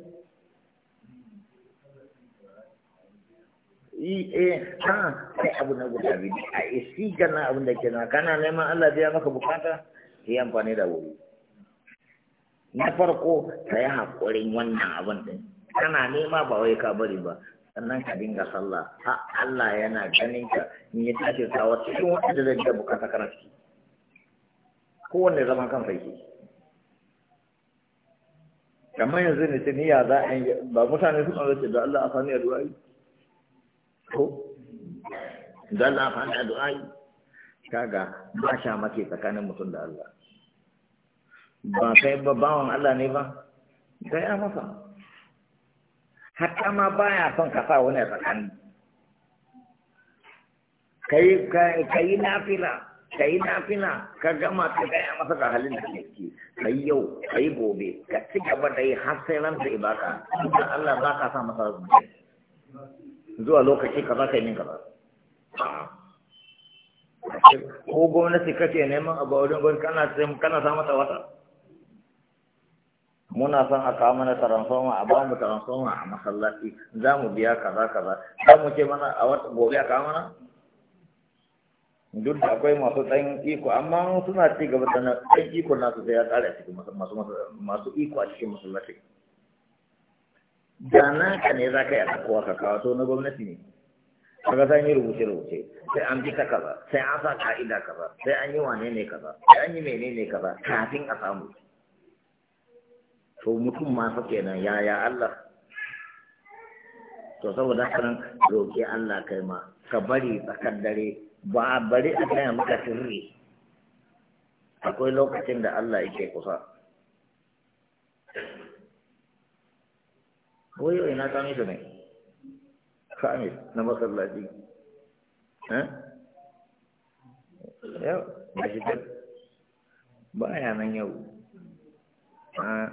yi e, eh a sai abu na guda biyu a isi e, gana abin da ke na kana neman Allah biya maka bukata yi amfani da wuri na farko ka yi haƙurin wannan abin din kana nema ba wai ka bari ba sannan ka dinga sallah ha Allah yana ganin ka in ya tashi ka wata cikin wanda zai ga bukata kana ciki kowanne zaman kansa yake kamar yanzu ne ce ni ya za a yi ba mutane suna zace da Allah a sani a ko don na fana du'ai kaga ba sha make tsakanin mutum da Allah ba kai ba bawan Allah ne ba kai a masa hatta ma baya son ka sa wani tsakani kai kai fila kai fila ka gama ka gaya masa ga halin da yake kai yau kai gobe ka ci gaba da yi har sai ran da ibaka Allah ba ka sa masa zuwa lokaci kaza kai min kaza ko gwamnati kace neman abu a wajen gwamnati kana kana sa mata wata muna son a kawo mana transformer a bamu transformer a masallaci za mu biya kaza kaza za mu ce mana a wata gobe a kawo mana duk da akwai masu tsayin iko amma suna ci gaba da tsayin iko nasu sai ya kare a cikin masu iko a cikin masallaci da ka ne za ka yi ka kawo to na gwamnati ne ga sai yi rubuce-rubuce sai an bi ta kaza sai an sa ka'ida kaza sai an yi wane ne kaza sai an yi mene ne kaza kafin a samu to mutum ma fa kenan yaya Allah to saboda haka nan roƙi Allah kai ma ka bari tsakar dare ba a bari a gaya maka sirri akwai lokacin da Allah yake kusa wai yau ina kame su ne kame na masallaci eh? yau ba shi ta ba nan yau ba ah.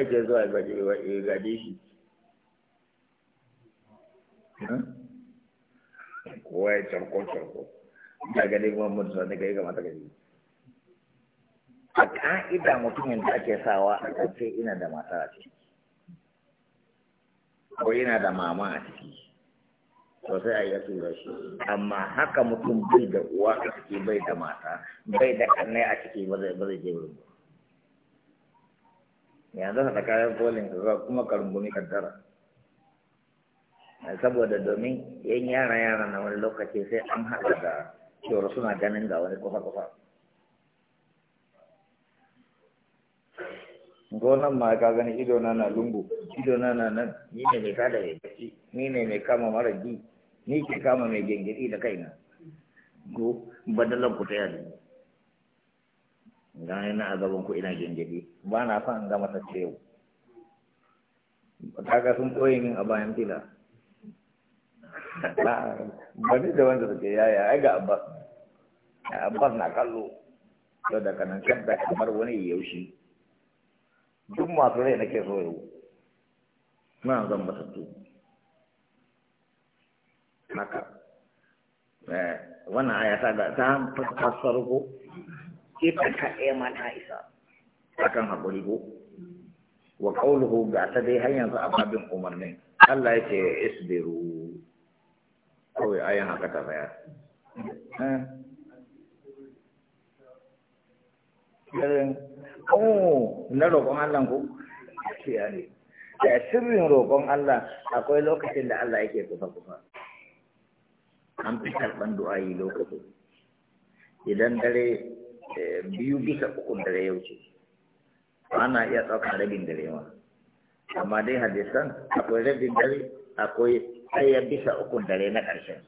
ya ce zuwa gaje shi eh? kowa ya carko-carko daga dai kuma mutu sa daga yi kamata gaji a ka'ida mutumin da ake sawa a kance ina da mata a ciki ko ina da mama a ciki to sai a yi tura shi amma haka mutum bai da uwa a ciki bai da mata bai da kannai a ciki ba zai je wurin yanzu ka kayan folin ka kuma ka rungumi kaddara saboda domin yan yara yara na wani lokaci sai an haɗa da cewar suna ganin ga wani kusa-kusa gonan ma ka gani ido na na lungu ido na na nan ni ne mai kada ya gaci ni ne mai kama mara ji ni ke kama mai gengiri da kaina go badalan ku ta yari ga ni na azaban ku ina gengiri ba na fa an gama ta yau kaga sun koyi min a bayan fila ba ni da wanda suke yaya ai ga abbas abbas na kallo yau da kanan kadda kamar wani yaushe duk masu rai nake so yau na zan matattu haka eh, wannan aya ta ga ta fassar ko ita ka ɗaya ma ta isa akan haƙuri ko wa ƙauluhu ga ta dai har yanzu a babin umarnin Allah ya ce isbiru kawai ayan haka ta bayar eh. Irin oh na roƙon Allah ko gaskiya ne da sirrin roƙon Allah akwai lokacin da Allah yake kusa kusa an fi karɓan du'ayi lokacin idan dare eh, biyu bisa uku dare ya wuce ana iya ɗaukar rabin dare ma amma dai hadisan akwai rabin dare akwai ɗaya bisa uku dare na ƙarshen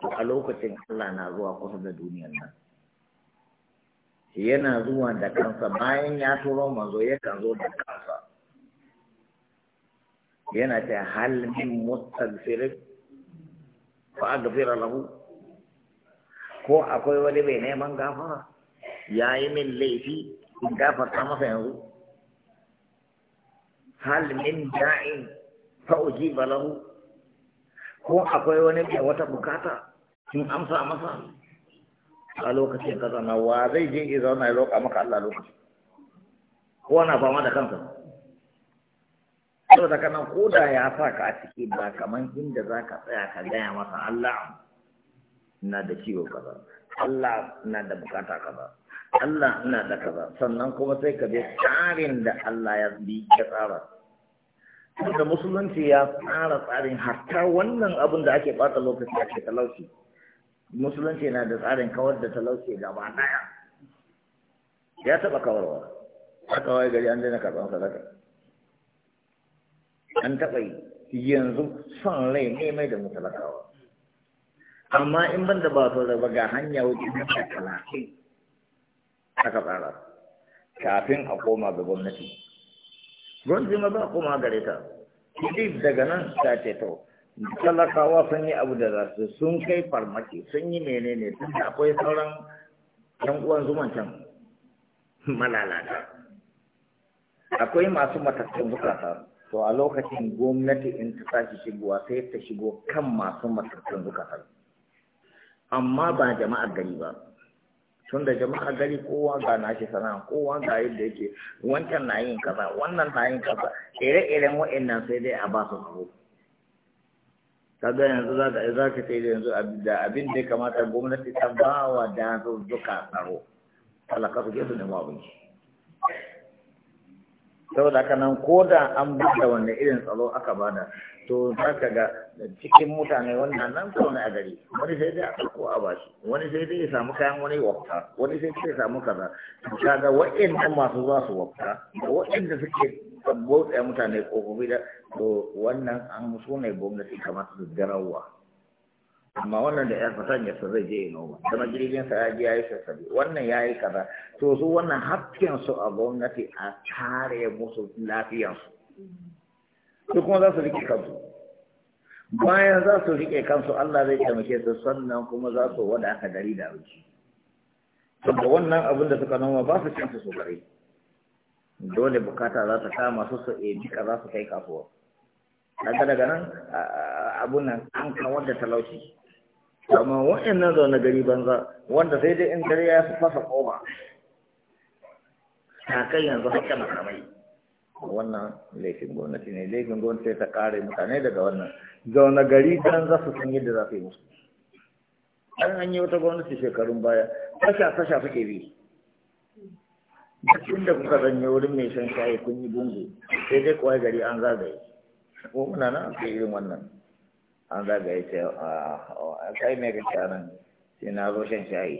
to a lokacin Allah na zuwa kusa da duniyar nan yana zuwa da kansa bayan ya turo manzo yakan zo da kansa yana ta halin min fa aghfira lahu ko akwai wani mai neman gafara yayi min laifi in gafarta masa yanzu hal min da'in fa ujiba lahu ko akwai wani mai wata bukata in amsa masa a lokacin ka na wa zai je ya zauna ya roƙa maka Allah lokacin? ko na fama da kansa saboda kana ko da ya sa ka a ciki ba kamar inda za ka tsaya ka gaya masa Allah na da ciwo kaza Allah na da bukata kaza Allah na da kaza sannan kuma sai ka bi tsarin da Allah ya bi ya tsara da musulunci ya tsara tsarin hatta wannan abin da ake bata lokaci ake talauci musulunci na da tsarin kawar da talauci gaba daya ya taɓa kawarwa aka wai gari an daina karɓar sadaka an taɓa yi yanzu son rai ne mai da mutalakawa amma in ban da ba su da ba ga hanya wuce da talatin aka tsara kafin a koma ga gwamnati gwamnati ma ba koma gare ta daga nan ta ce to talakawa sun yi abu da za su sun kai farmaki sun yi menene tun da akwai sauran yan uwan zuman can malalata akwai masu matattun zukata to a lokacin gwamnati in ta tashi shigowa sai ta shigo kan masu matattun zukata amma ba jama'ar gari ba tun da jama'ar gari kowa ga nashi sana'a kowa ga yadda yake wancan na yin kaza wannan na yin kaza ire-iren wa'annan sai dai a ba su tsaro kaga yanzu za ka za ka sai yanzu da abin da ya kamata gwamnati ta ba wa dazuzzuka tsaro talaka su ke su nema abinci saboda haka nan ko da an ba da wanda irin tsaro aka bada to za ka ga cikin mutane wanda nan ko a gari wani sai dai a ko a bashi wani sai dai ya samu kayan wani wafta wani sai dai ya samu kaza kaga waɗannan masu za su wafta da suke ya mutane kofofi da to wannan an musu ne gwamnati kamar su garawa amma wannan da ya fasan ya zai je noma kuma jirgin sa ya ji ya yi sassabe wannan ya yi kaza to su wannan hakkin su a gwamnati a tare musu lafiyansu su kuma za su rike kansu bayan za su rike kansu Allah zai taimake su sannan kuma za su wada ka gari da abinci saboda wannan abin da suka noma ba su cin su su gare dole bukata za ta kama su su ebi ka za su kai kasuwa daga daga nan abun nan an kawar da talauci amma wa'annan zaune gari banza wanda sai dai in dare ya su fasa koma ta kai yanzu haka makamai wannan laifin gwamnati ne laifin gwamnati ta kare mutane daga wannan zaune gari banza su san yadda za su yi musu an hanyar wata gwamnati shekarun baya tasha tasha suke bi cikin da kuka sanya wurin mai shan shayi kun yi gungu sai dai kawai gari an zagaye ko muna nan a irin wannan an zagaye ta a kai mai ka sha nan sai na zo shan shayi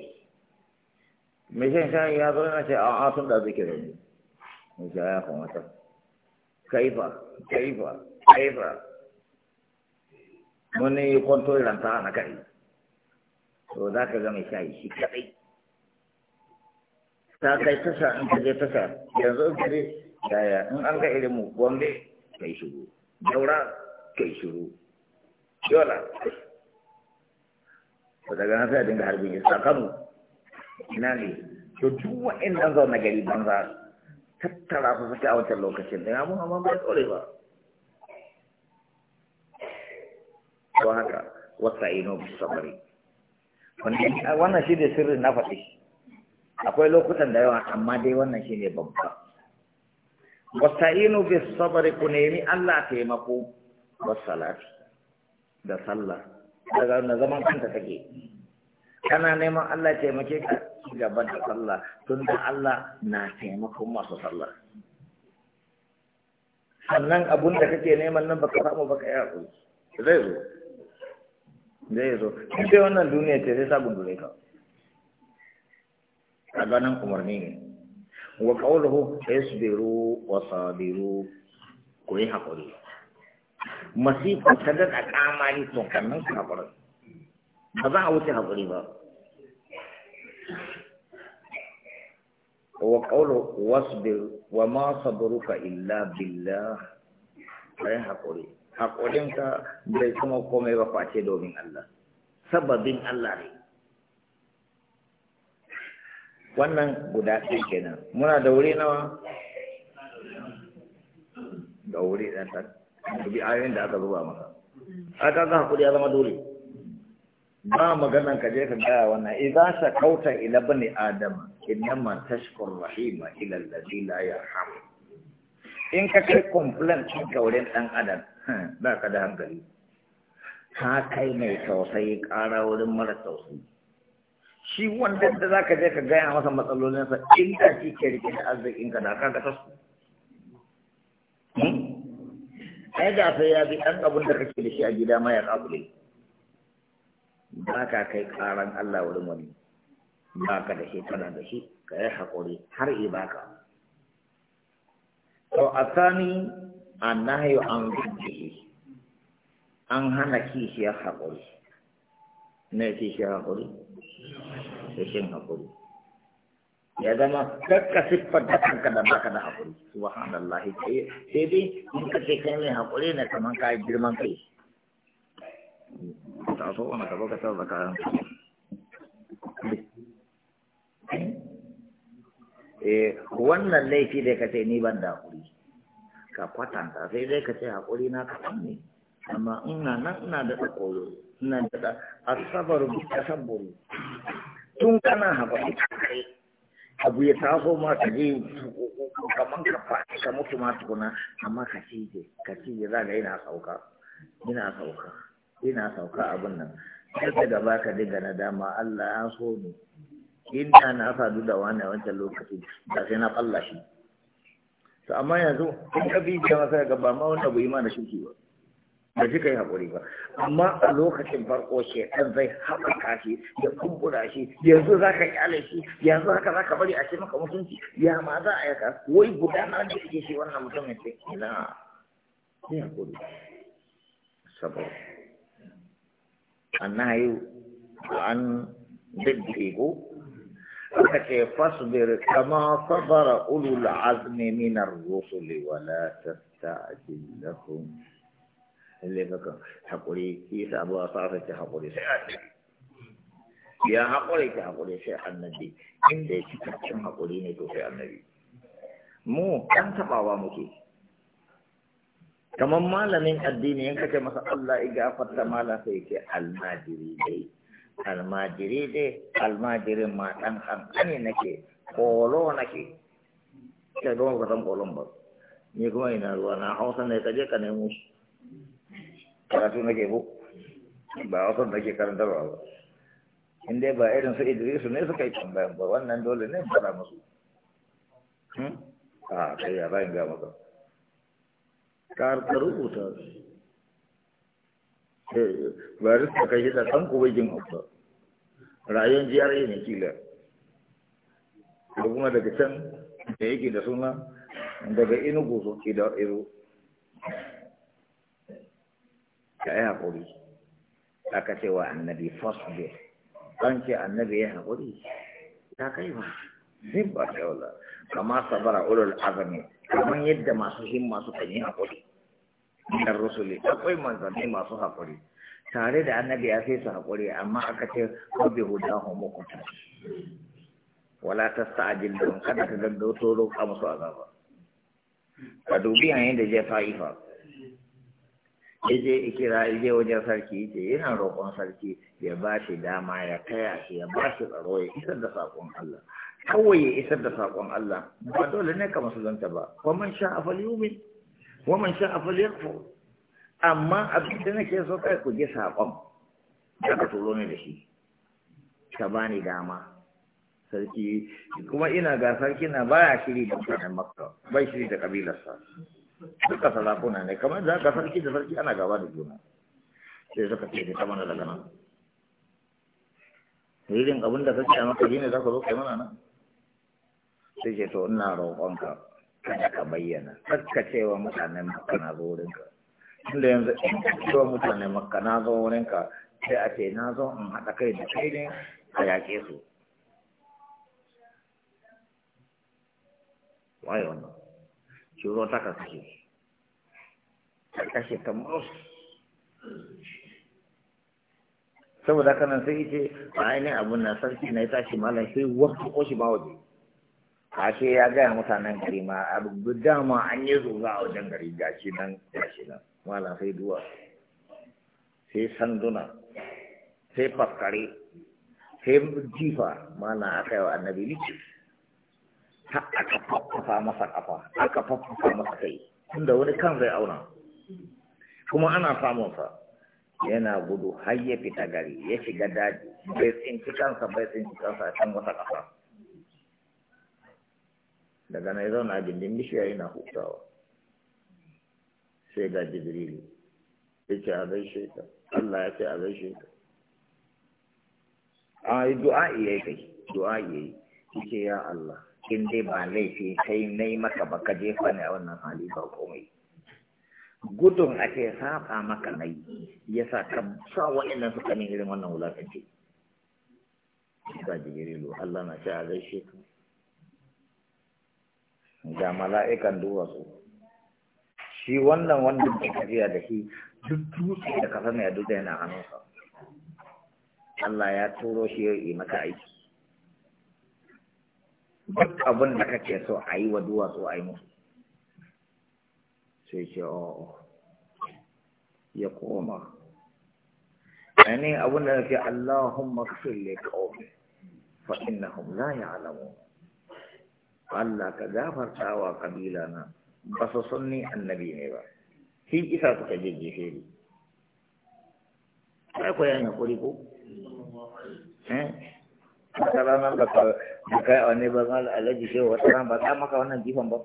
mai shan shayi ya zo yana ce a a sun da zuke da ni mai sha ya kamata kaifa kaifa kaifa wani kwanto iranta na kai to za ka ga mai shayi shi kadai ta kai tasa in ka je tasa yanzu in ka je yaya in an ga irin mu gombe kai shiru daura kai shiru yola ko daga nan sai dinga harbin ya mu ina ne to duk wa'annan zaune gari banza tattara su suke a wancan lokacin da ya mun amma bai tsore ba Ko haka wata ino bisabari wannan shi da sirrin na faɗi akwai lokutan da yawa amma dai wannan shine babba wasta'inu bis sabari ku nemi Allah taimako was salati da sallah daga na zaman kanta take kana neman Allah taimake ka ci gaba da sallah tunda Allah na taimakon masu sallah sannan abun da kake neman nan baka samu baka yi hakuri zai zo zai zo kin dai wannan duniya ce sai sabon dole ka A ragganan umarni ne wa qawluhu isbiru wa sabiru ku yi haƙuri masifa ta da kamari to kannan kafar ba za a wuce haƙuri ba wa qawlu wasbir wa ma sabruka illa billah ka yi haƙuri haƙurinka bai kuma komai ba face domin Allah sababin Allah ne wannan guda ɗaya kenan muna da wuri nawa da wuri ɗan ta bi ayoyin da aka zuba maka. Mm. a ka ga hakuri ya zama dole ba maganan ka je ka gaya wannan idza shakauta ila bani adam innama tashkur rahima ila alladhi la yarham in ka kai complaint kin ka wurin dan adam hmm, ba ka da hankali ka kai mai tausayi ƙara wurin mara tausayi shi wanda da za ka je ka gaya masa matsalolinsa in ka shi ke rike da arzikin ka da ka ga su. Hmm? ai da sai ya bi ɗan abin da kake da shi a gida ma ya kabule ba ka kai karan Allah wurin wani ba ka da shi kana da shi ka yi haƙuri har i baka to a sani a nahayu an zuciye an hana kishiyar haƙuri me kishiyar haƙuri rashin haƙuri ya zama kakka siffar da kanka da baka da haƙuri subhanallah sai dai in ka ce kai mai haƙuri ne kaman ka girman kai ta so wani ka baka tsara kayan eh wannan laifi da ka ce ni ban da haƙuri ka kwatanta sai dai ka ce haƙuri na kaɗan ne amma ina nan ina da tsakoro ina da asabar bi tasabburu tun kana haɓari abu ya taso ma ka je kaman ka faɗi ka mutu ma tukuna amma ka cije ka cije za ka yana sauka yana sauka yana sauka abin nan sai ka gaba ka dinga na dama Allah ya so ni inda na sadu da wani wancan lokaci da sai na falla shi to amma yanzu in ka bi masa gaba ma wanda bai yi ma shirki ba ba ka yi haƙuri ba amma a lokacin farko ɗan zai haɓaka shi ya kumbura shi yanzu za ka kyale shi yanzu haka za ka bari a ce maka mutunci ya ma za a yaka wai gudanar da ke shi wannan mutumin ce ina ni haƙuri saboda annahu an diddigo aka ce fasbir kama sabara ulul azmi minar rusuli tasta'jil laifukan hakuri isa abu a sa ki hakuri sai annabi ya hakuri ki hakuri sai annabi inda ya cikakken hakuri ne to sai annabi mu an tabawa muke kamar malamin addini in kace masa Allah iga gafarta mala sai ke almajiri dai almajiri dai almajirin ma ɗan kankani nake kolo nake kai don ka san kolon ba ni kuma ina ruwa na hausa ne kaje ka nemo shi karatu nake ko ba wasan nake karanta ba in dai ba irin su idrisu ne suka yi tambayan ba wannan dole ne fara musu hmm? a ah, kai ya bayan ga maka kar ka rubuta eh, ba rika kai shi da kan ku bugin hausa rayuwar GRA ne kila da kuma daga can da yake da suna daga inugu so ke da iru. ka yi haƙuri aka ce wa annabi fasbe an ce annabi ya haƙuri ta kai ba zin ba ta yaula kama sabara ulul azami kamar yadda masu himma suka yi haƙuri da rusuli akwai manzanni masu haƙuri tare da annabi ya sai su haƙuri amma aka ce kobe huda homo kuta wala ta tasta'jil lahum kada ka gaggauto roƙa musu azaba ka dubi yayin da je fa'ifa ya je ikira ya je wajen sarki ce yana roƙon sarki ya ba shi dama ya kaya shi ya ba shi tsaro ya isar da saƙon Allah kawai ya isar da saƙon Allah ba dole ne ka musulunta ba wa man sha a falyumin wa man sha a falyakfu amma abin da nake so kai ku ji saƙon da ka turo ni da shi ka bani dama sarki kuma ina ga sarki na baya shiri da mutanen makka bai shiri da kabilarsa duka sarakuna ne kamar da aka sarki da sarki ana gaba da juna sai suka ce ta mana daga nan irin abin da kake maka shi ne za ku zo kai mana nan sai ce to ina roƙonka kada ka bayyana kakka cewa mutanen maka na zo wurinka tunda yanzu in ka cewa mutanen maka na zo wurinka sai a ce na zo in haɗa kai da kai ne a yaƙe su waye wannan shiro ta ka kashe ka kashe ta maus saboda haka nan sai ita a ainihin abun na sarki na ya tashi malam sai wasu ko shi ba waje ashe ya gaya mutanen gari ma a rubu dama an yi zuwa a wajen gari gashi nan gashi nan malam sai duwa sai sanduna sai faskare sai jifa malam aka yi wa annabi Ta aka faffafa masa kafa aka fafafa masa kai tunda wani kan zai auna kuma ana samun sa yana gudu har ya fita gari ya shiga daji bai tsinci kansa bai tsinci kansa a can wata kafa daga na zauna gindin bishiya yana hutawa sai ga jibrilu ya ce a gaishe ka allah ya ce a gaishe ka a yi du'a iya yi kai du'a iya yi ya allah in dai ba laifi kai nai maka ba ka jefa ne a wannan hali ba komai gudun a ce saba maka nai ya sa ka sa wa'annan suka min irin wannan wulakanci ga jigirilu Allah na sha a gaishe ka ga mala'ikan su shi wannan wanda ke tafiya da shi duk dutse da ka sani a da yana hannunsa Allah ya turo shi ya yi maka aiki duk abin da kake so a yi wa duwatsu a yi musu sai ce o oh, oh. ya koma ainihin abin da ke Allahun maksir le ƙaumi fa'in na la ya alamu Allah ka gafarta wa kabila na ba su sun annabi ne ba shi isa suka je jefe ne ai ko yan hakuri ko eh wata ranar da ka kai a wani ba za a alaji shi wata ranar ba za maka wannan jifan ba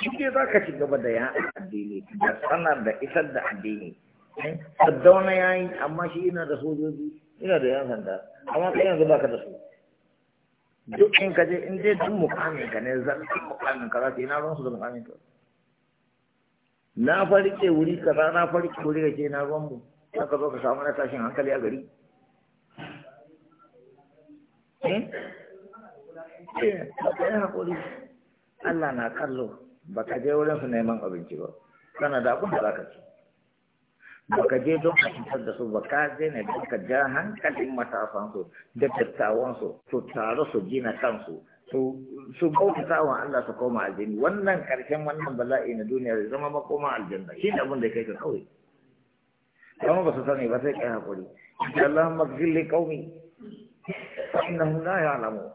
shi za ka ci gaba da ya addini da sanar da isar da addini eh, saddauna ya yi amma shi yana da sojoji yana da yan sanda amma kai yanzu baka da su duk in ka je in dai duk mukamin ka ne zan duk mukamin ka za ka yi na ruwan su da mukamin ka na farke wuri kaza na farke wuri ka ce na ruwan mu za ka zo ka samu na tashin hankali a gari Eh? Eh, Allah na kallo ba ka je wurin su neman abinci ba kana da kun za ka ci ba ka je don ka cutar da su ba ka je ne don ka ja hankalin matasansu da tattawansu su taro su gina kansu su bautata wa Allah su koma aljini wannan karshen wannan bala'i na duniya zai zama makoma aljanna shi ne abin da kai ka kawai kama ba su sani ba sai kai hakuri Allahumma ghfir qaumi فإنه لا يعلم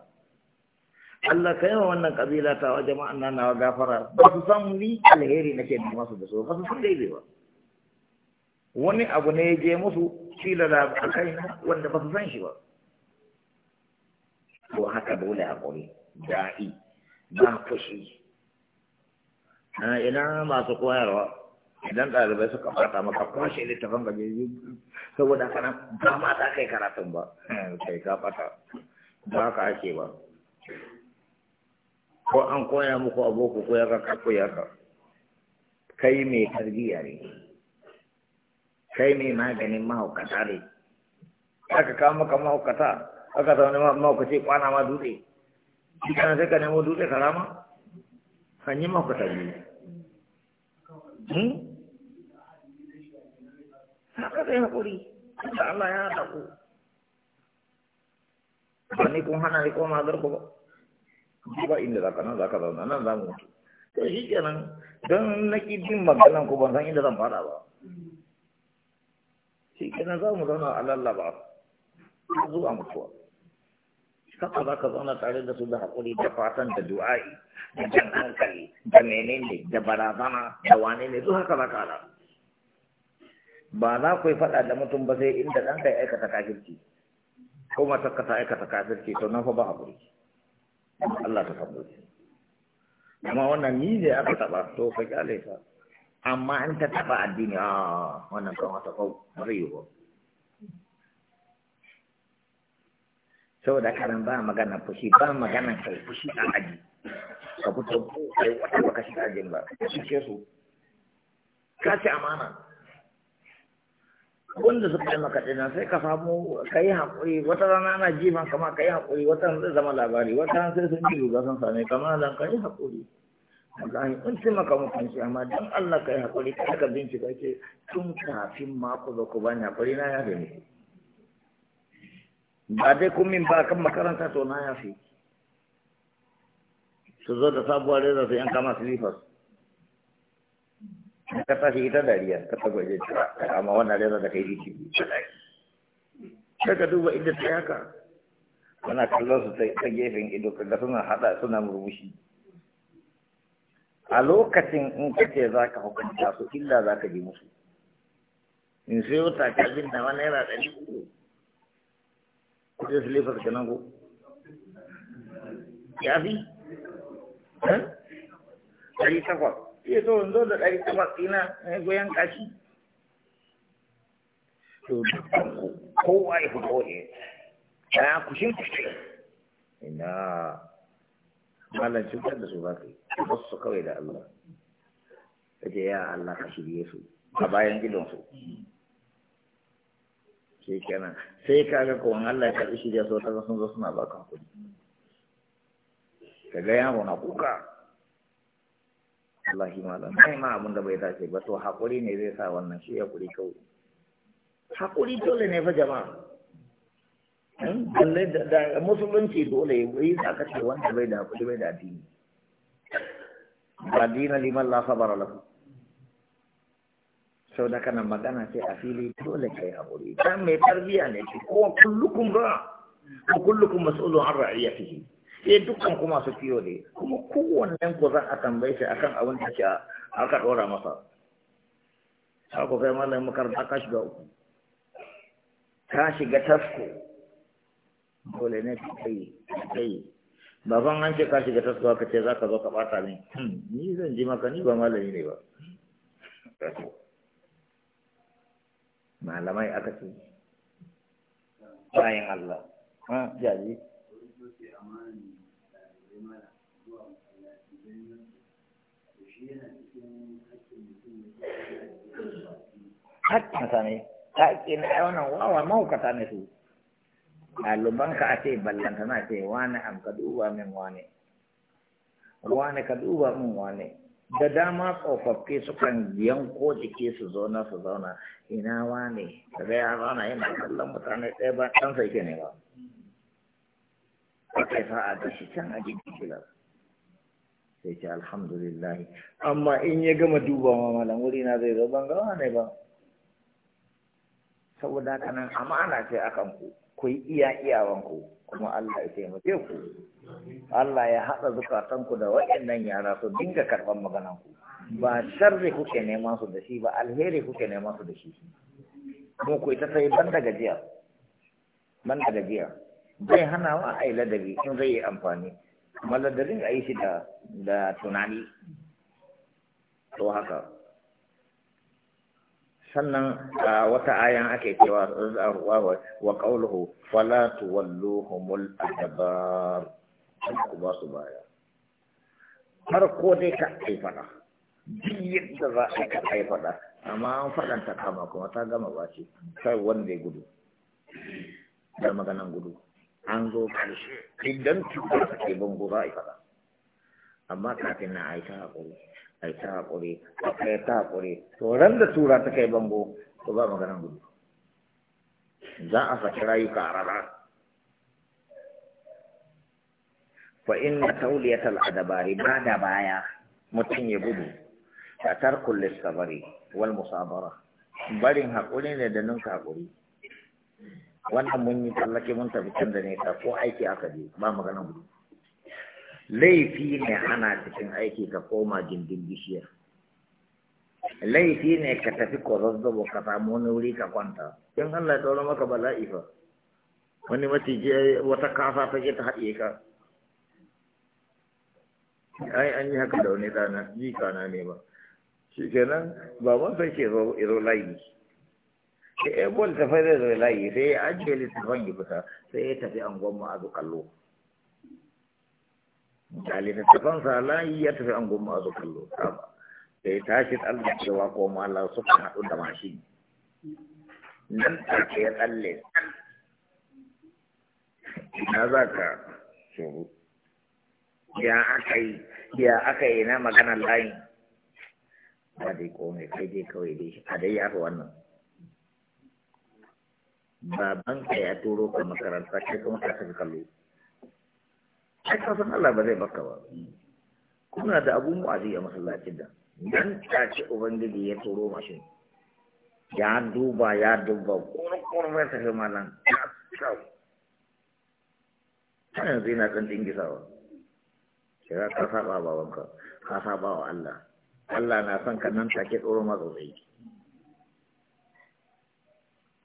Allah ka yawa wannan kabila ta wa jama'an nan nawa gafara ba su san ni alheri nake da masu da su ba su san daidai ba wani abu ne ya je musu shi da a kaina wanda ba su san shi ba ko haka dole a kuri da'i ba fushi ina masu koyarwa idan ɗalibai suka fata maka kwashe littafin ka je saboda kana ba ma ta kai karatun ba eh, kai ka fata ba ka ake ba ko an koya muku aboku ko ya ka koya ka kai mai tarbiyya ne kai mai maganin mahaukata ne aka kawo maka mahaukata aka zaune mahaukaci kwana ma dutse shi kana sai ka nemo dutse karama hanyi mahaukata biyu hmm? haka zai haƙuri da Allah ya haɗa ku ba ni kun hana ni koma zarku ba ba inda za ka nan za ka zauna nan za mu mutu to shi kenan don na ki bin maganan ku ban san inda zan fara ba shi kenan za mu zauna a lallaba zuwa mutuwa haka za ka zauna tare da su da haƙuri da fatan da du'a'i da jan hankali da menene da barazana da wane ne duk haka za ka haɗa ba za ku yi faɗa da mutum ba sai inda ɗanka ya aikata kafirci ko ma ta aikata kafirci to nan fa ba haƙuri Allah ta shi amma wannan ni ne aka taɓa to ka kyale ta amma an ta taɓa addini a wannan kan wata kau mara yi saboda karan ba magana fushi ba magana kai fushi a aji ka fito kai wata baka shi ajin ba shi ke su ka ci amana wanda suka yi maka dinan sai ka samu ka yi haƙuri wata rana ana jifan kama ka yi haƙuri wata rana zai zama labari wata rana sai sun ji ruga sun same kama da, ka yi haƙuri Allahi in ce maka mutunci amma don Allah ka yi haƙuri ka ka bincika ce tun kafin ku zo ku bani haƙuri na yafe muku ba dai kun min ba kan makaranta to na yafe su zo da sabuwar reza su yanka masu lifas ka tashi ita dariya ka tago ita ce amma wannan rera da kai ita sai ka duba inda ta haka kana kallon su ta gefen ido kaga suna hada suna murmushi a lokacin in kace za ka hukunta su illa za ka ji musu in sai wata kalbin na wani naira ɗari uku kuɗin silifar ka nan ko ya fi ɗari takwas iya so zo da ɗari takwas ɗina na eh, goyon kashi to kowa ya fito ne ya kushin kushe ina malam cutar da su ba kai su kawai da Allah kaje ya Allah ka shirye su a bayan gidansu shi kenan sai ka ga kowan Allah ya karɓi shirya sau ta sun zo suna baka kuɗi ka ga yaro na kuka Allah malam kai ma abin da bai dace ba to hakuri ne zai sa wannan shi ya kuri kawai hakuri dole ne fa jama'a hmm? da musulunci dole ya yi aka ce wanda bai da hakuri bai da addini. Ba dina liman la sabara lahu. Sau da kana magana ce a fili dole kai hakuri. Dan mai tarbiya ne ce ko kullukum ra ko kullukum mas'ulun an ra'iyatihi. sai dukkan kuma su fiyo ne kuma kowannen ku za a tambaye shi akan abin da ke aka ɗora masa ta ku kai mallam makaranta ka shiga uku ka shiga tasko dole ne ka kai kai baban an ce ka shiga tasko ka ce za ka zo ka bata min hmm, ni zan ji maka ni ba mallami ne ba malamai aka ce bayan Allah ha jaji haƙƙinsa ne haƙƙin wannan wawa mahaukata ne su ɗalibanka a ce ballanta na ce wani am ka duba min wani. wane ka duba min wane da dama tsofaffi sukan yanko jiki su zauna su zauna ina wane daga ya zauna yana kallon mutane ɗaya ba ɗansa yake ne ba aka a da shi can a gidan sai ce alhamdulillah amma in ya gama dubawa malam wuri na zai zo ban ga ne ba saboda haka nan amana sai akan ku ku yi iya iyawan ku kuma Allah ya taimake ku Allah ya haɗa zukatan ku da waɗannan yara su dinga karɓar maganan ku ba sharri kuke nema su da shi ba alheri kuke nema su da shi mu ku ita sai ban gajiya ban da gajiya zai hana wa a yi ladabi in zai yi amfani kuma a yi shi da tunani to haka sannan a wata ayan ake cewa wa qawluhu wala tuwalluhumul adbar ku ba su baya Har ko dai ka ai fada duk yadda za a ka ai amma an faɗanta kama kuma ta gama ba ce kai wanda ya gudu da maganan gudu an zo ƙarshe idan cutar ta ke bango za a yi faɗa amma kafin na a yi ta haƙuri a yi ta haƙuri a kai ta haƙuri to ran da tura ta kai bango to ba maganan gudu za a saki rayuka a rana fa inna tawliyatal adabari ba da baya mutum ya gudu ta tarkul lisabari wal musabara barin haƙuri ne da ninka haƙuri wannan mun yi tsallake mun tafi can da ta ko aiki aka je ba magana mu. laifi ne ana cikin aiki ka koma gindin bishiya laifi ne ka tafi kwazazzabo ka samu wani wuri ka kwanta in Allah ya ɗaura maka bala'i fa wani maciji wata kasa ta je ta haɗe ka ai an yi haka da wani ɗana jika na ne ba shi kenan ba sai ke zo iro layi sai ya ta fara zai zai layi sai ya ajiye littafin ya fita sai ya tafi an gwamma a kallo da littafin sa layi ya tafi an gwamma a kallo sai tashi tsalle cewa ko su suka haɗu da mashin nan take ya tsalle ina za ka shuru ya aka yi ya aka yi na maganar layin ba dai komai kai dai kawai dai a dai ya fi wannan babanka ya turo ka makaranta kai kuma ka tafi kallo ai ka san Allah ba zai baka ba kuna da abun wa'azi a masallacin da nan take ubangiji ya turo mashin ya duba ya duba kuma mai tafi malam kasau ta yanzu ina kan dingisawa sai ka saba babanka ka saba wa Allah Allah na son ka nan take tsoro mazauni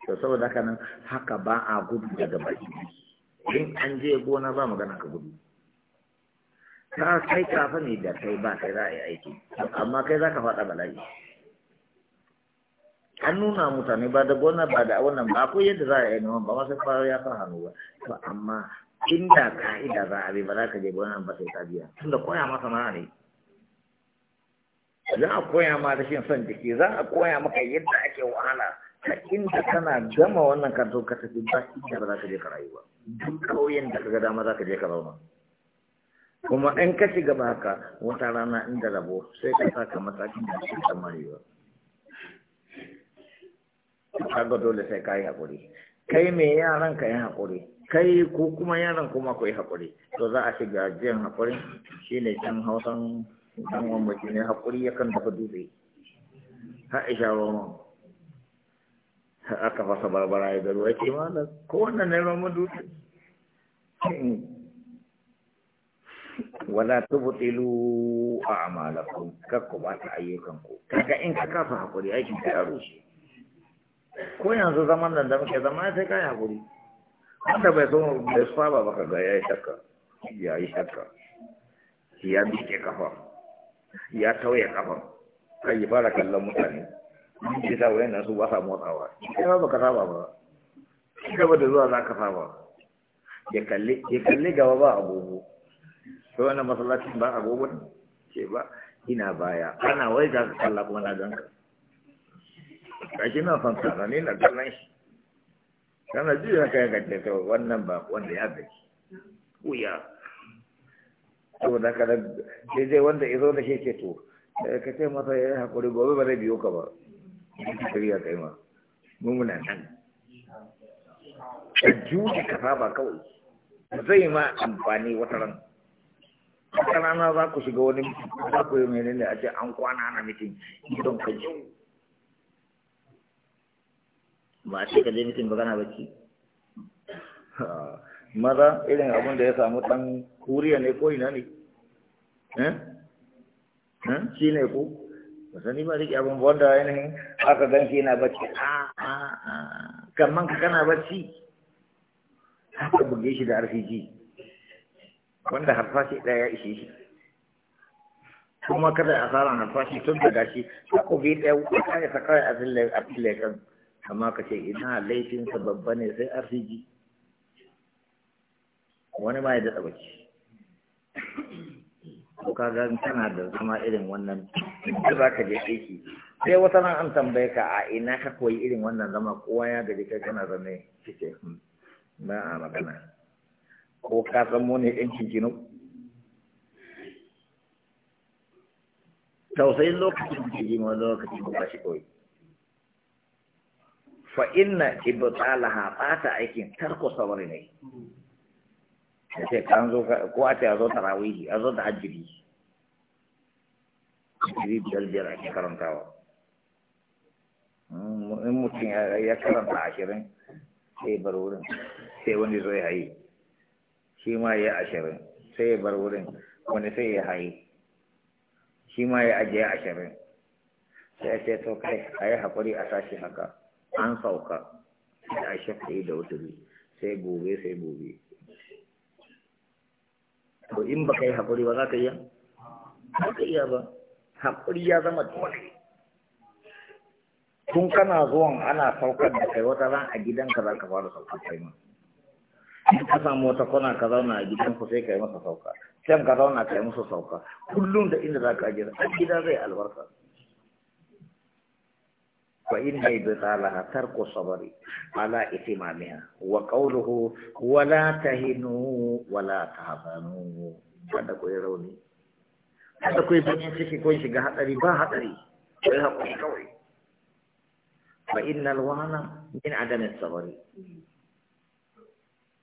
to saboda haka nan haka ba a gudu daga baki in an je gona ba magana ka gudu ka kai kafa ne da kai ba kai za a yi aiki amma kai za ka faɗa bala'i an nuna mutane ba da gona ba da wannan ba ko yadda za a yi noman ba sai fara ya fara hannu ba to amma inda ka'ida za a bi ba za ka je gona ba sai ka biya tunda koya ma sana'a ne za a koya ma rashin son jiki za a koya maka yadda ake wahala ka inda kana gama wannan karto ka tafi ba inda ba za ka je ka rayu ba duk kauyen da ka ga dama za ka je ka zauna kuma in ka ci gaba haka wata rana inda rabo sai ka sa ka matakin da ke tsammani ba ga dole sai ka yi haƙuri kai mai yaran ka yi haƙuri kai ko kuma yaran kuma ku yi haƙuri to za a shiga jiyan haƙuri shine can hausan wani mutum ne haƙuri yakan dafa dutse ha isha roman aka fasa barbara ya garo yake mana ko wannan ne roman dutse hmm. wala tubtilu a'malakum kakku ba ta ayyukanku kaga in ka kafa hakuri aiki ta yaro shi ko yanzu zaman nan da muke zama sai kai hakuri wanda bai so bai saba ba kaga yayi shakka yayi shakka ya bike kafa ya tauye kafa kai fara kallon mutane mun ta sa wayan su ba sa motsawa kai ba ka saba ba gaba da zuwa za ka saba ya kalli ya kalli gaba ba agogo sai wannan masallacin ba agogo ne ce ba ina baya ana wai ga kalla kuma na ganka kashi na son kana ne na kallon shi kana juya kai ga ce to wannan ba wanda ya gaji wuya saboda kada sai dai wanda ya zo da shi ce to ka ce masa ya haƙuri gobe ba zai biyo ka ba Ina ta yi ma. mun muna nan. Ka juji ka saba kawai. Zai ma amfani wata ran. Wata rana za ku shiga wani mitin za ku yi menene a ce an kwana na mitin don ka ji. Ba a ce ka je mitin ba gana bacci. Maza irin abin da ya samu ɗan kuriya ne ko ina ne? Eh? Eh? Shi ne ko? ba sani ba riƙe abin wanda ainihin aka gan shi yana bacci a a a kamar ka kana bacci aka buge shi da arziki wanda harfashi ɗaya ya ishe shi kuma kada a tsara harfashi tun da gashi takobi ɗaya wuka ya ta kawai a fille kan amma ka ce ina laifinsa babba ne sai arziki? wani ma ya daɗa bacci to kaga tana da zama irin wannan da za ka je aiki sai wata nan an tambaye ka a ina ka koyi irin wannan zama kowa ya gaji kai kana zama kike hmm, ba a magana ko ka san mu ne cikin kinkinu tausayin lokacin da ji ma lokacin da shi koyi fa inna ibtalaha bata aikin tarko sabari ne da ce kan zo ko a ce a zo tarawihi a zo da hajjiri hajjiri biyar biyar ake karantawa in mutum ya karanta ashirin sai bar wurin sai wani zo ya haye shi ma ya ashirin sai ya bar wurin wani sai ya haye shi ma ya ajiye ashirin sai sai to kai a yi haƙuri a sashi haka an sauka sai a shafi da wuturi sai gobe sai gobe to in baka yi haƙuri ba za ka iya ba ka iya ba haƙuri ya zama dole tun kana zuwan ana saukar da kai wata ran a gidanka za ka fara saukar kai ma in ka samu wata kona ka zauna a gidanku sai ka yi masa sauka can ka zauna ka yi masa sauka kullum da inda za ka ajiye a gida zai albarka فإن إبطالها ترك الصبر على إتمامها وقوله ولا تهنوا ولا تحزنوا هذا كوي روني هذا كوي بني سكي كوي شغا حطري با حطري كوي حقوي كوي فإن الوهن من عدم الصبر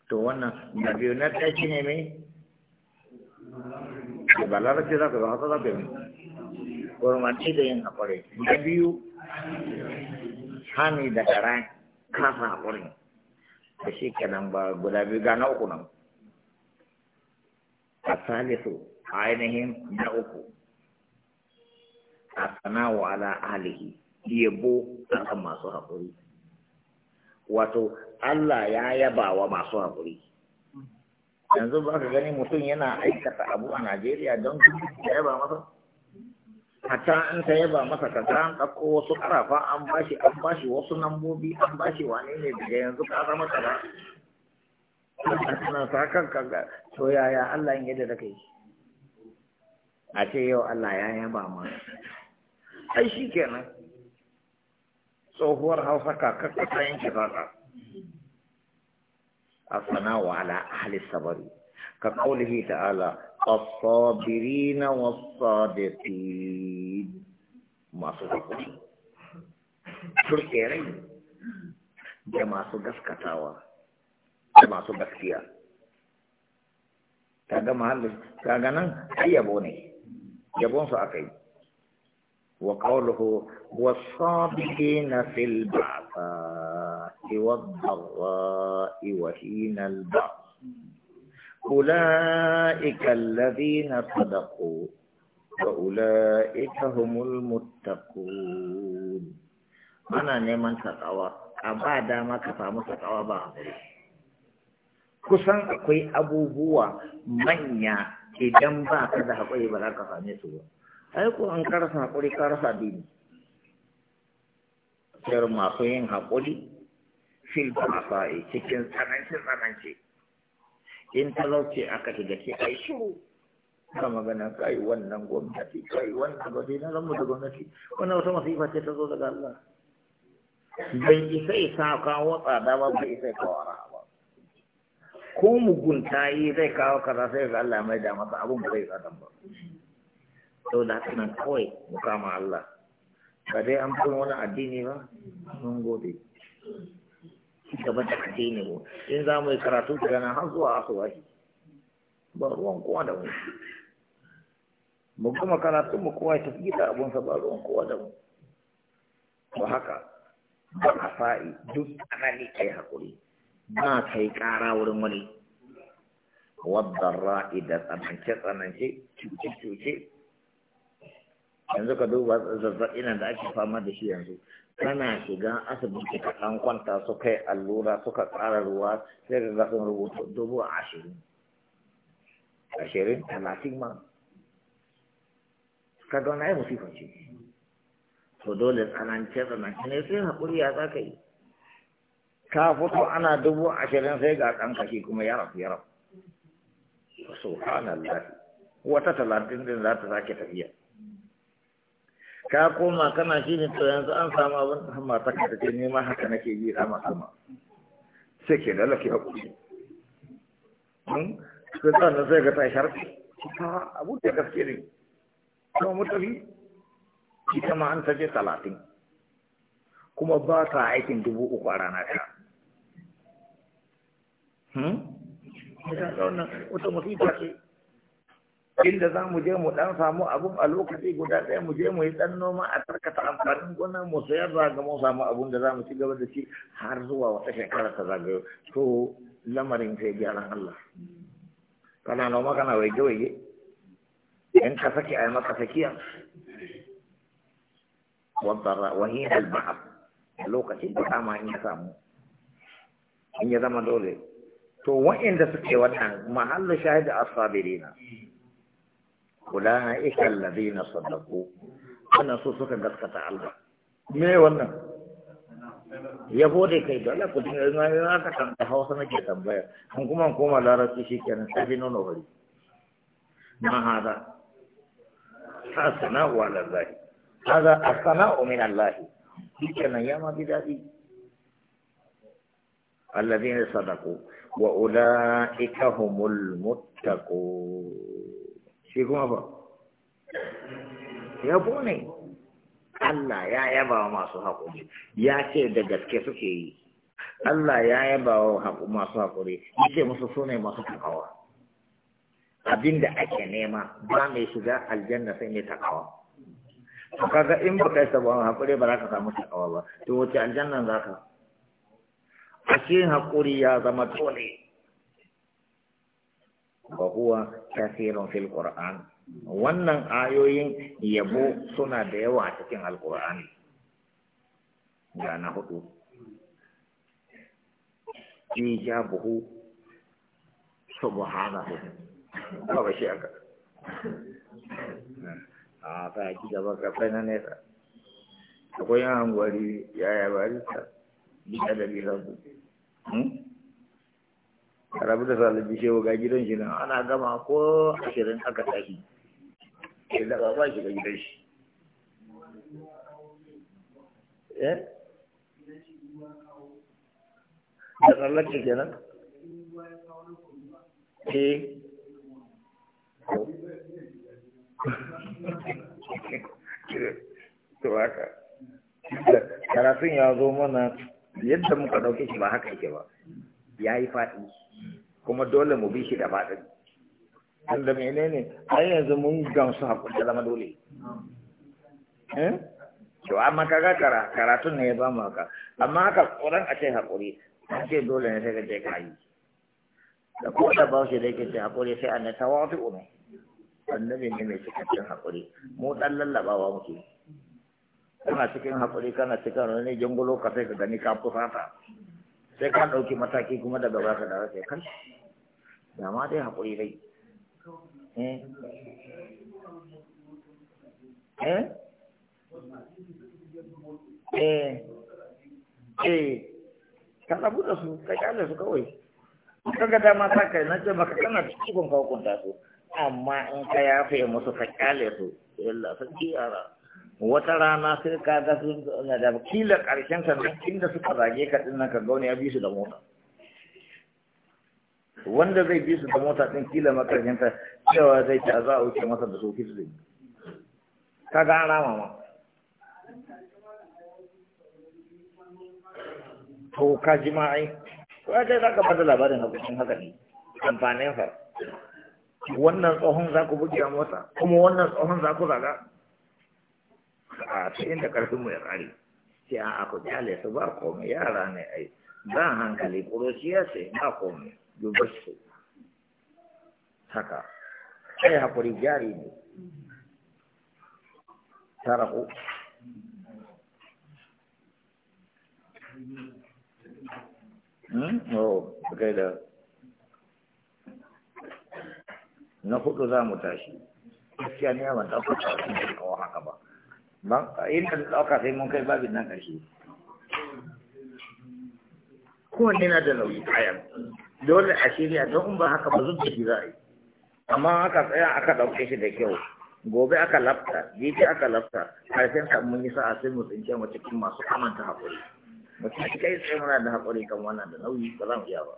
to wannan na biyu na ɗaya shi ne mai da ba larabci za ka ga haka za ka gurmanci da yin haƙuri na biyu hani da kara kasa haƙuri da shi kenan ba guda biyu ga uku nan a salisu a ainihin na uku a sanawa ala alihi yabo akan masu haƙuri wato Allah ya yabawa wa masu haƙuri yanzu ba ka gani mutum yana aikata abu a Najeriya don ya yaba masa hatta an ta yaba masa kaza an ɗauko wasu ƙarafa an bashi an bashi wasu lambobi an bashi wane ne daga yanzu ka zama kaza suna sa kan kaga to yaya Allah yadda da kai a ce yau Allah ya yaba ma ai shi kenan tsohuwar hausa kakar ta yanke fata a sanawa ala ahli sabari ka kaulihi ta'ala الصابرين والصادقين ما سوى شو كيرين جماعة بس كتاوا جماعة بس كيا كذا ما هل نان نع أي أبوني يبون سأكيد وقوله والصابرين في البعث والضراء وحين البعث أولئك الذين صدقوا وأولئك هم المتقون أنا نيمان تقوى أبا داما كفامو تقوى بعضي kusan akwai abubuwa manya idan ba ka da haƙuri ba za ka same su ba ai ko an karasa haƙuri karasa dini sayar masu yin haƙuri fil ba cikin tsananci tsananci in talauci aka shiga ce ai shiru ka magana kai wannan gwamnati kai wannan gwamnati, na zama da gwamnati wannan wata masifa ce ta zo daga Allah bai isa isa kawo tsada ba bai isa kawo ba ko mugunta yi zai kawo kaza sai ga Allah mai da masa abun ba zai tsadan ba sau da haka nan kawai mu kama Allah ba dai an fi wani addini ba mun gode ci gaba da addini mu in za mu yi karatu daga nan har zuwa asuwahi ba ruwan kowa da mu mu kuma karatun mu kowa ya tafi abun sa ba ruwan kowa da mu ba haka ba a fa'i duk tsanani kai hakuri. ba kai ƙara wurin wani wadda ra'i da tsanance-tsanance cuce-cuce yanzu ka duba zazzaɓi nan da ake fama da shi yanzu kana shiga asibiti ka ɗan kwanta su kai allura suka tsara ruwa sai ka gasin rubuta dubu ashirin ashirin talatin ma ka ga wani musifa ce to dole tsanance tsanance ne sai haƙuri ya za ka yi ka fito ana dubu ashirin sai ga ɗan kashi kuma ya rafu ya rafu subhanallah wata talatin din za ta sake tafiya ka koma kana shi ne to yanzu an samu abin da ta kada take nema haka nake yi ma sama sai ke da lafiya kuɗi hmm? sai ta na sai ga ta sharfi ta abu da gaske ne kuma mutabi ita ma an ta je talatin kuma ba ta aikin dubu uku a rana ta Hmm? Ita wannan wata musiba ce inda za mu je mu dan samu abun a lokaci guda ɗaya mu je mu yi dan noma a tarkata amfanin gona mu sayar da ga mu samu abun da za mu ci gaba da shi har zuwa wata shekara ta zagayo to lamarin sai gyaran Allah kana noma kana waje waje in ka saki ai maka sakiya wadara wa hiya al-bahr lokacin da kama in ya samu in ya zama dole to wa'inda suke wannan mahallu shahid as-sabirina أولئك الذين صدقوا so سوسك دكتة الله me wannan yabo da kai dole ku dinga ina ina ka kan da Hausa nake tambaya an kuma koma larabci shikenan sai bi nono bari ma hada hasana wa lillahi hada asana min Allah shikenan ya ma bidadi alladhina sadaqu wa ulaika humul muttaqun shi kuma ba Ya ne Allah ya yaba wa masu haƙuri ya ce da gaske suke yi Allah ya yaba wa masu haƙuri ya ce musu su ne masu takawa abin da ake nema ba mai shiga aljanna sai mai takawa to kaga in baka yi sabon haƙuri ba za ka samu takawa ba to wace aljanna za ka A cikin haƙuri ya zama dole wa huwa kathirun fil qur'an wannan ayoyin yabo suna da yawa a cikin alqur'ani ga na hudu ji ijabuhu subhanahu ba ba shi aka a ta ji gaba ka fana ne akwai yan gwari ya yabari ta bi da dalilan ku rabu da salabi shewa ga gidan shi nan ana gama ko ashirin aka tashi shi da ba shi ga gidan shi eh da tsallake kenan eh to haka karatun ya zo mana yadda muka ɗauke shi ba haka yake ba ya yi faɗi kuma dole mu bi shi da faɗin wanda ne? har yanzu mun gamsu haƙun da zama dole eh? to amma ga karatun ne ya ba mu haka amma haka ƙuran a ce haƙuri a ce dole ne sai ka je ka yi da ko da ba shi da yake ce haƙuri sai an ta wata ume annabi ne mai cikakken haƙuri mu ɗan lallaɓawa muke kana cikin haƙuri kana cikin wani jangulo ka sai ka gani ka fusata sai ka ɗauki mataki kuma daga ba ka dawo sai kai da ma dai haƙuri dai eh eh eh, eh. ka rabu da su ka kyale su kawai kaga dama ta kai na ce maka kana cikin ka su amma in ka yafe musu ka kyale su yalla sun ji yara wata rana sai ka ga su na da kila karshen ka inda suka zage ka din nan ka ga wani ya bi su da mota wanda zai bi su da mota din kila makarshen ta cewa zai ta za a wuce masa da soki su ka ga an mama ma to ka ji ma ai Ko ai za ka bada labarin cikin haka ne amfanin fa wannan tsohon za ku buge mota kuma wannan tsohon za ku zaga a da inda karfin mu ya kare sai a aku jale su ba komai yara ne ai ba hankali ya ce ba komai dubar su haka sai haƙuri jari ne taraku hmm? Oh, kai da na hudu za mu tashi gaskiya ne ban ɗaukar tashi da kawo haka ba ban inda da mun kai babin nan ƙarshe kowanne na da nauyi kayan dole a shirya don in ba haka ba da shi amma aka tsaya aka ɗauke shi da kyau gobe aka lafta jibi aka lafta karshen kan mun yi sa'a sai mu tsince mu cikin masu amanta haƙuri mutum kai tsaye muna da haƙuri kan wannan da nauyi ba za mu iya ba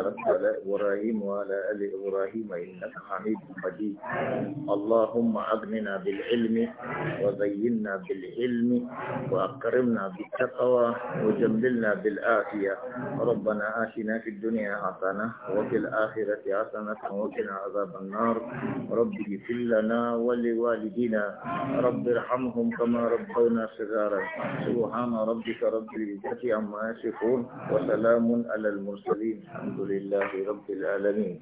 باركت على إبراهيم وعلى آل إبراهيم إنك حميد مجيد اللهم أغننا بالعلم وزينا بالعلم وأكرمنا بالتقوى وجملنا بالآفية ربنا آتنا في الدنيا حسنة وفي الآخرة حسنة وقنا عذاب النار رب اغفر لنا ولوالدينا رب ارحمهم كما ربونا صغارا سبحان ربك رب العزة عما يصفون وسلام على المرسلين الحمد لله لله رب العالمين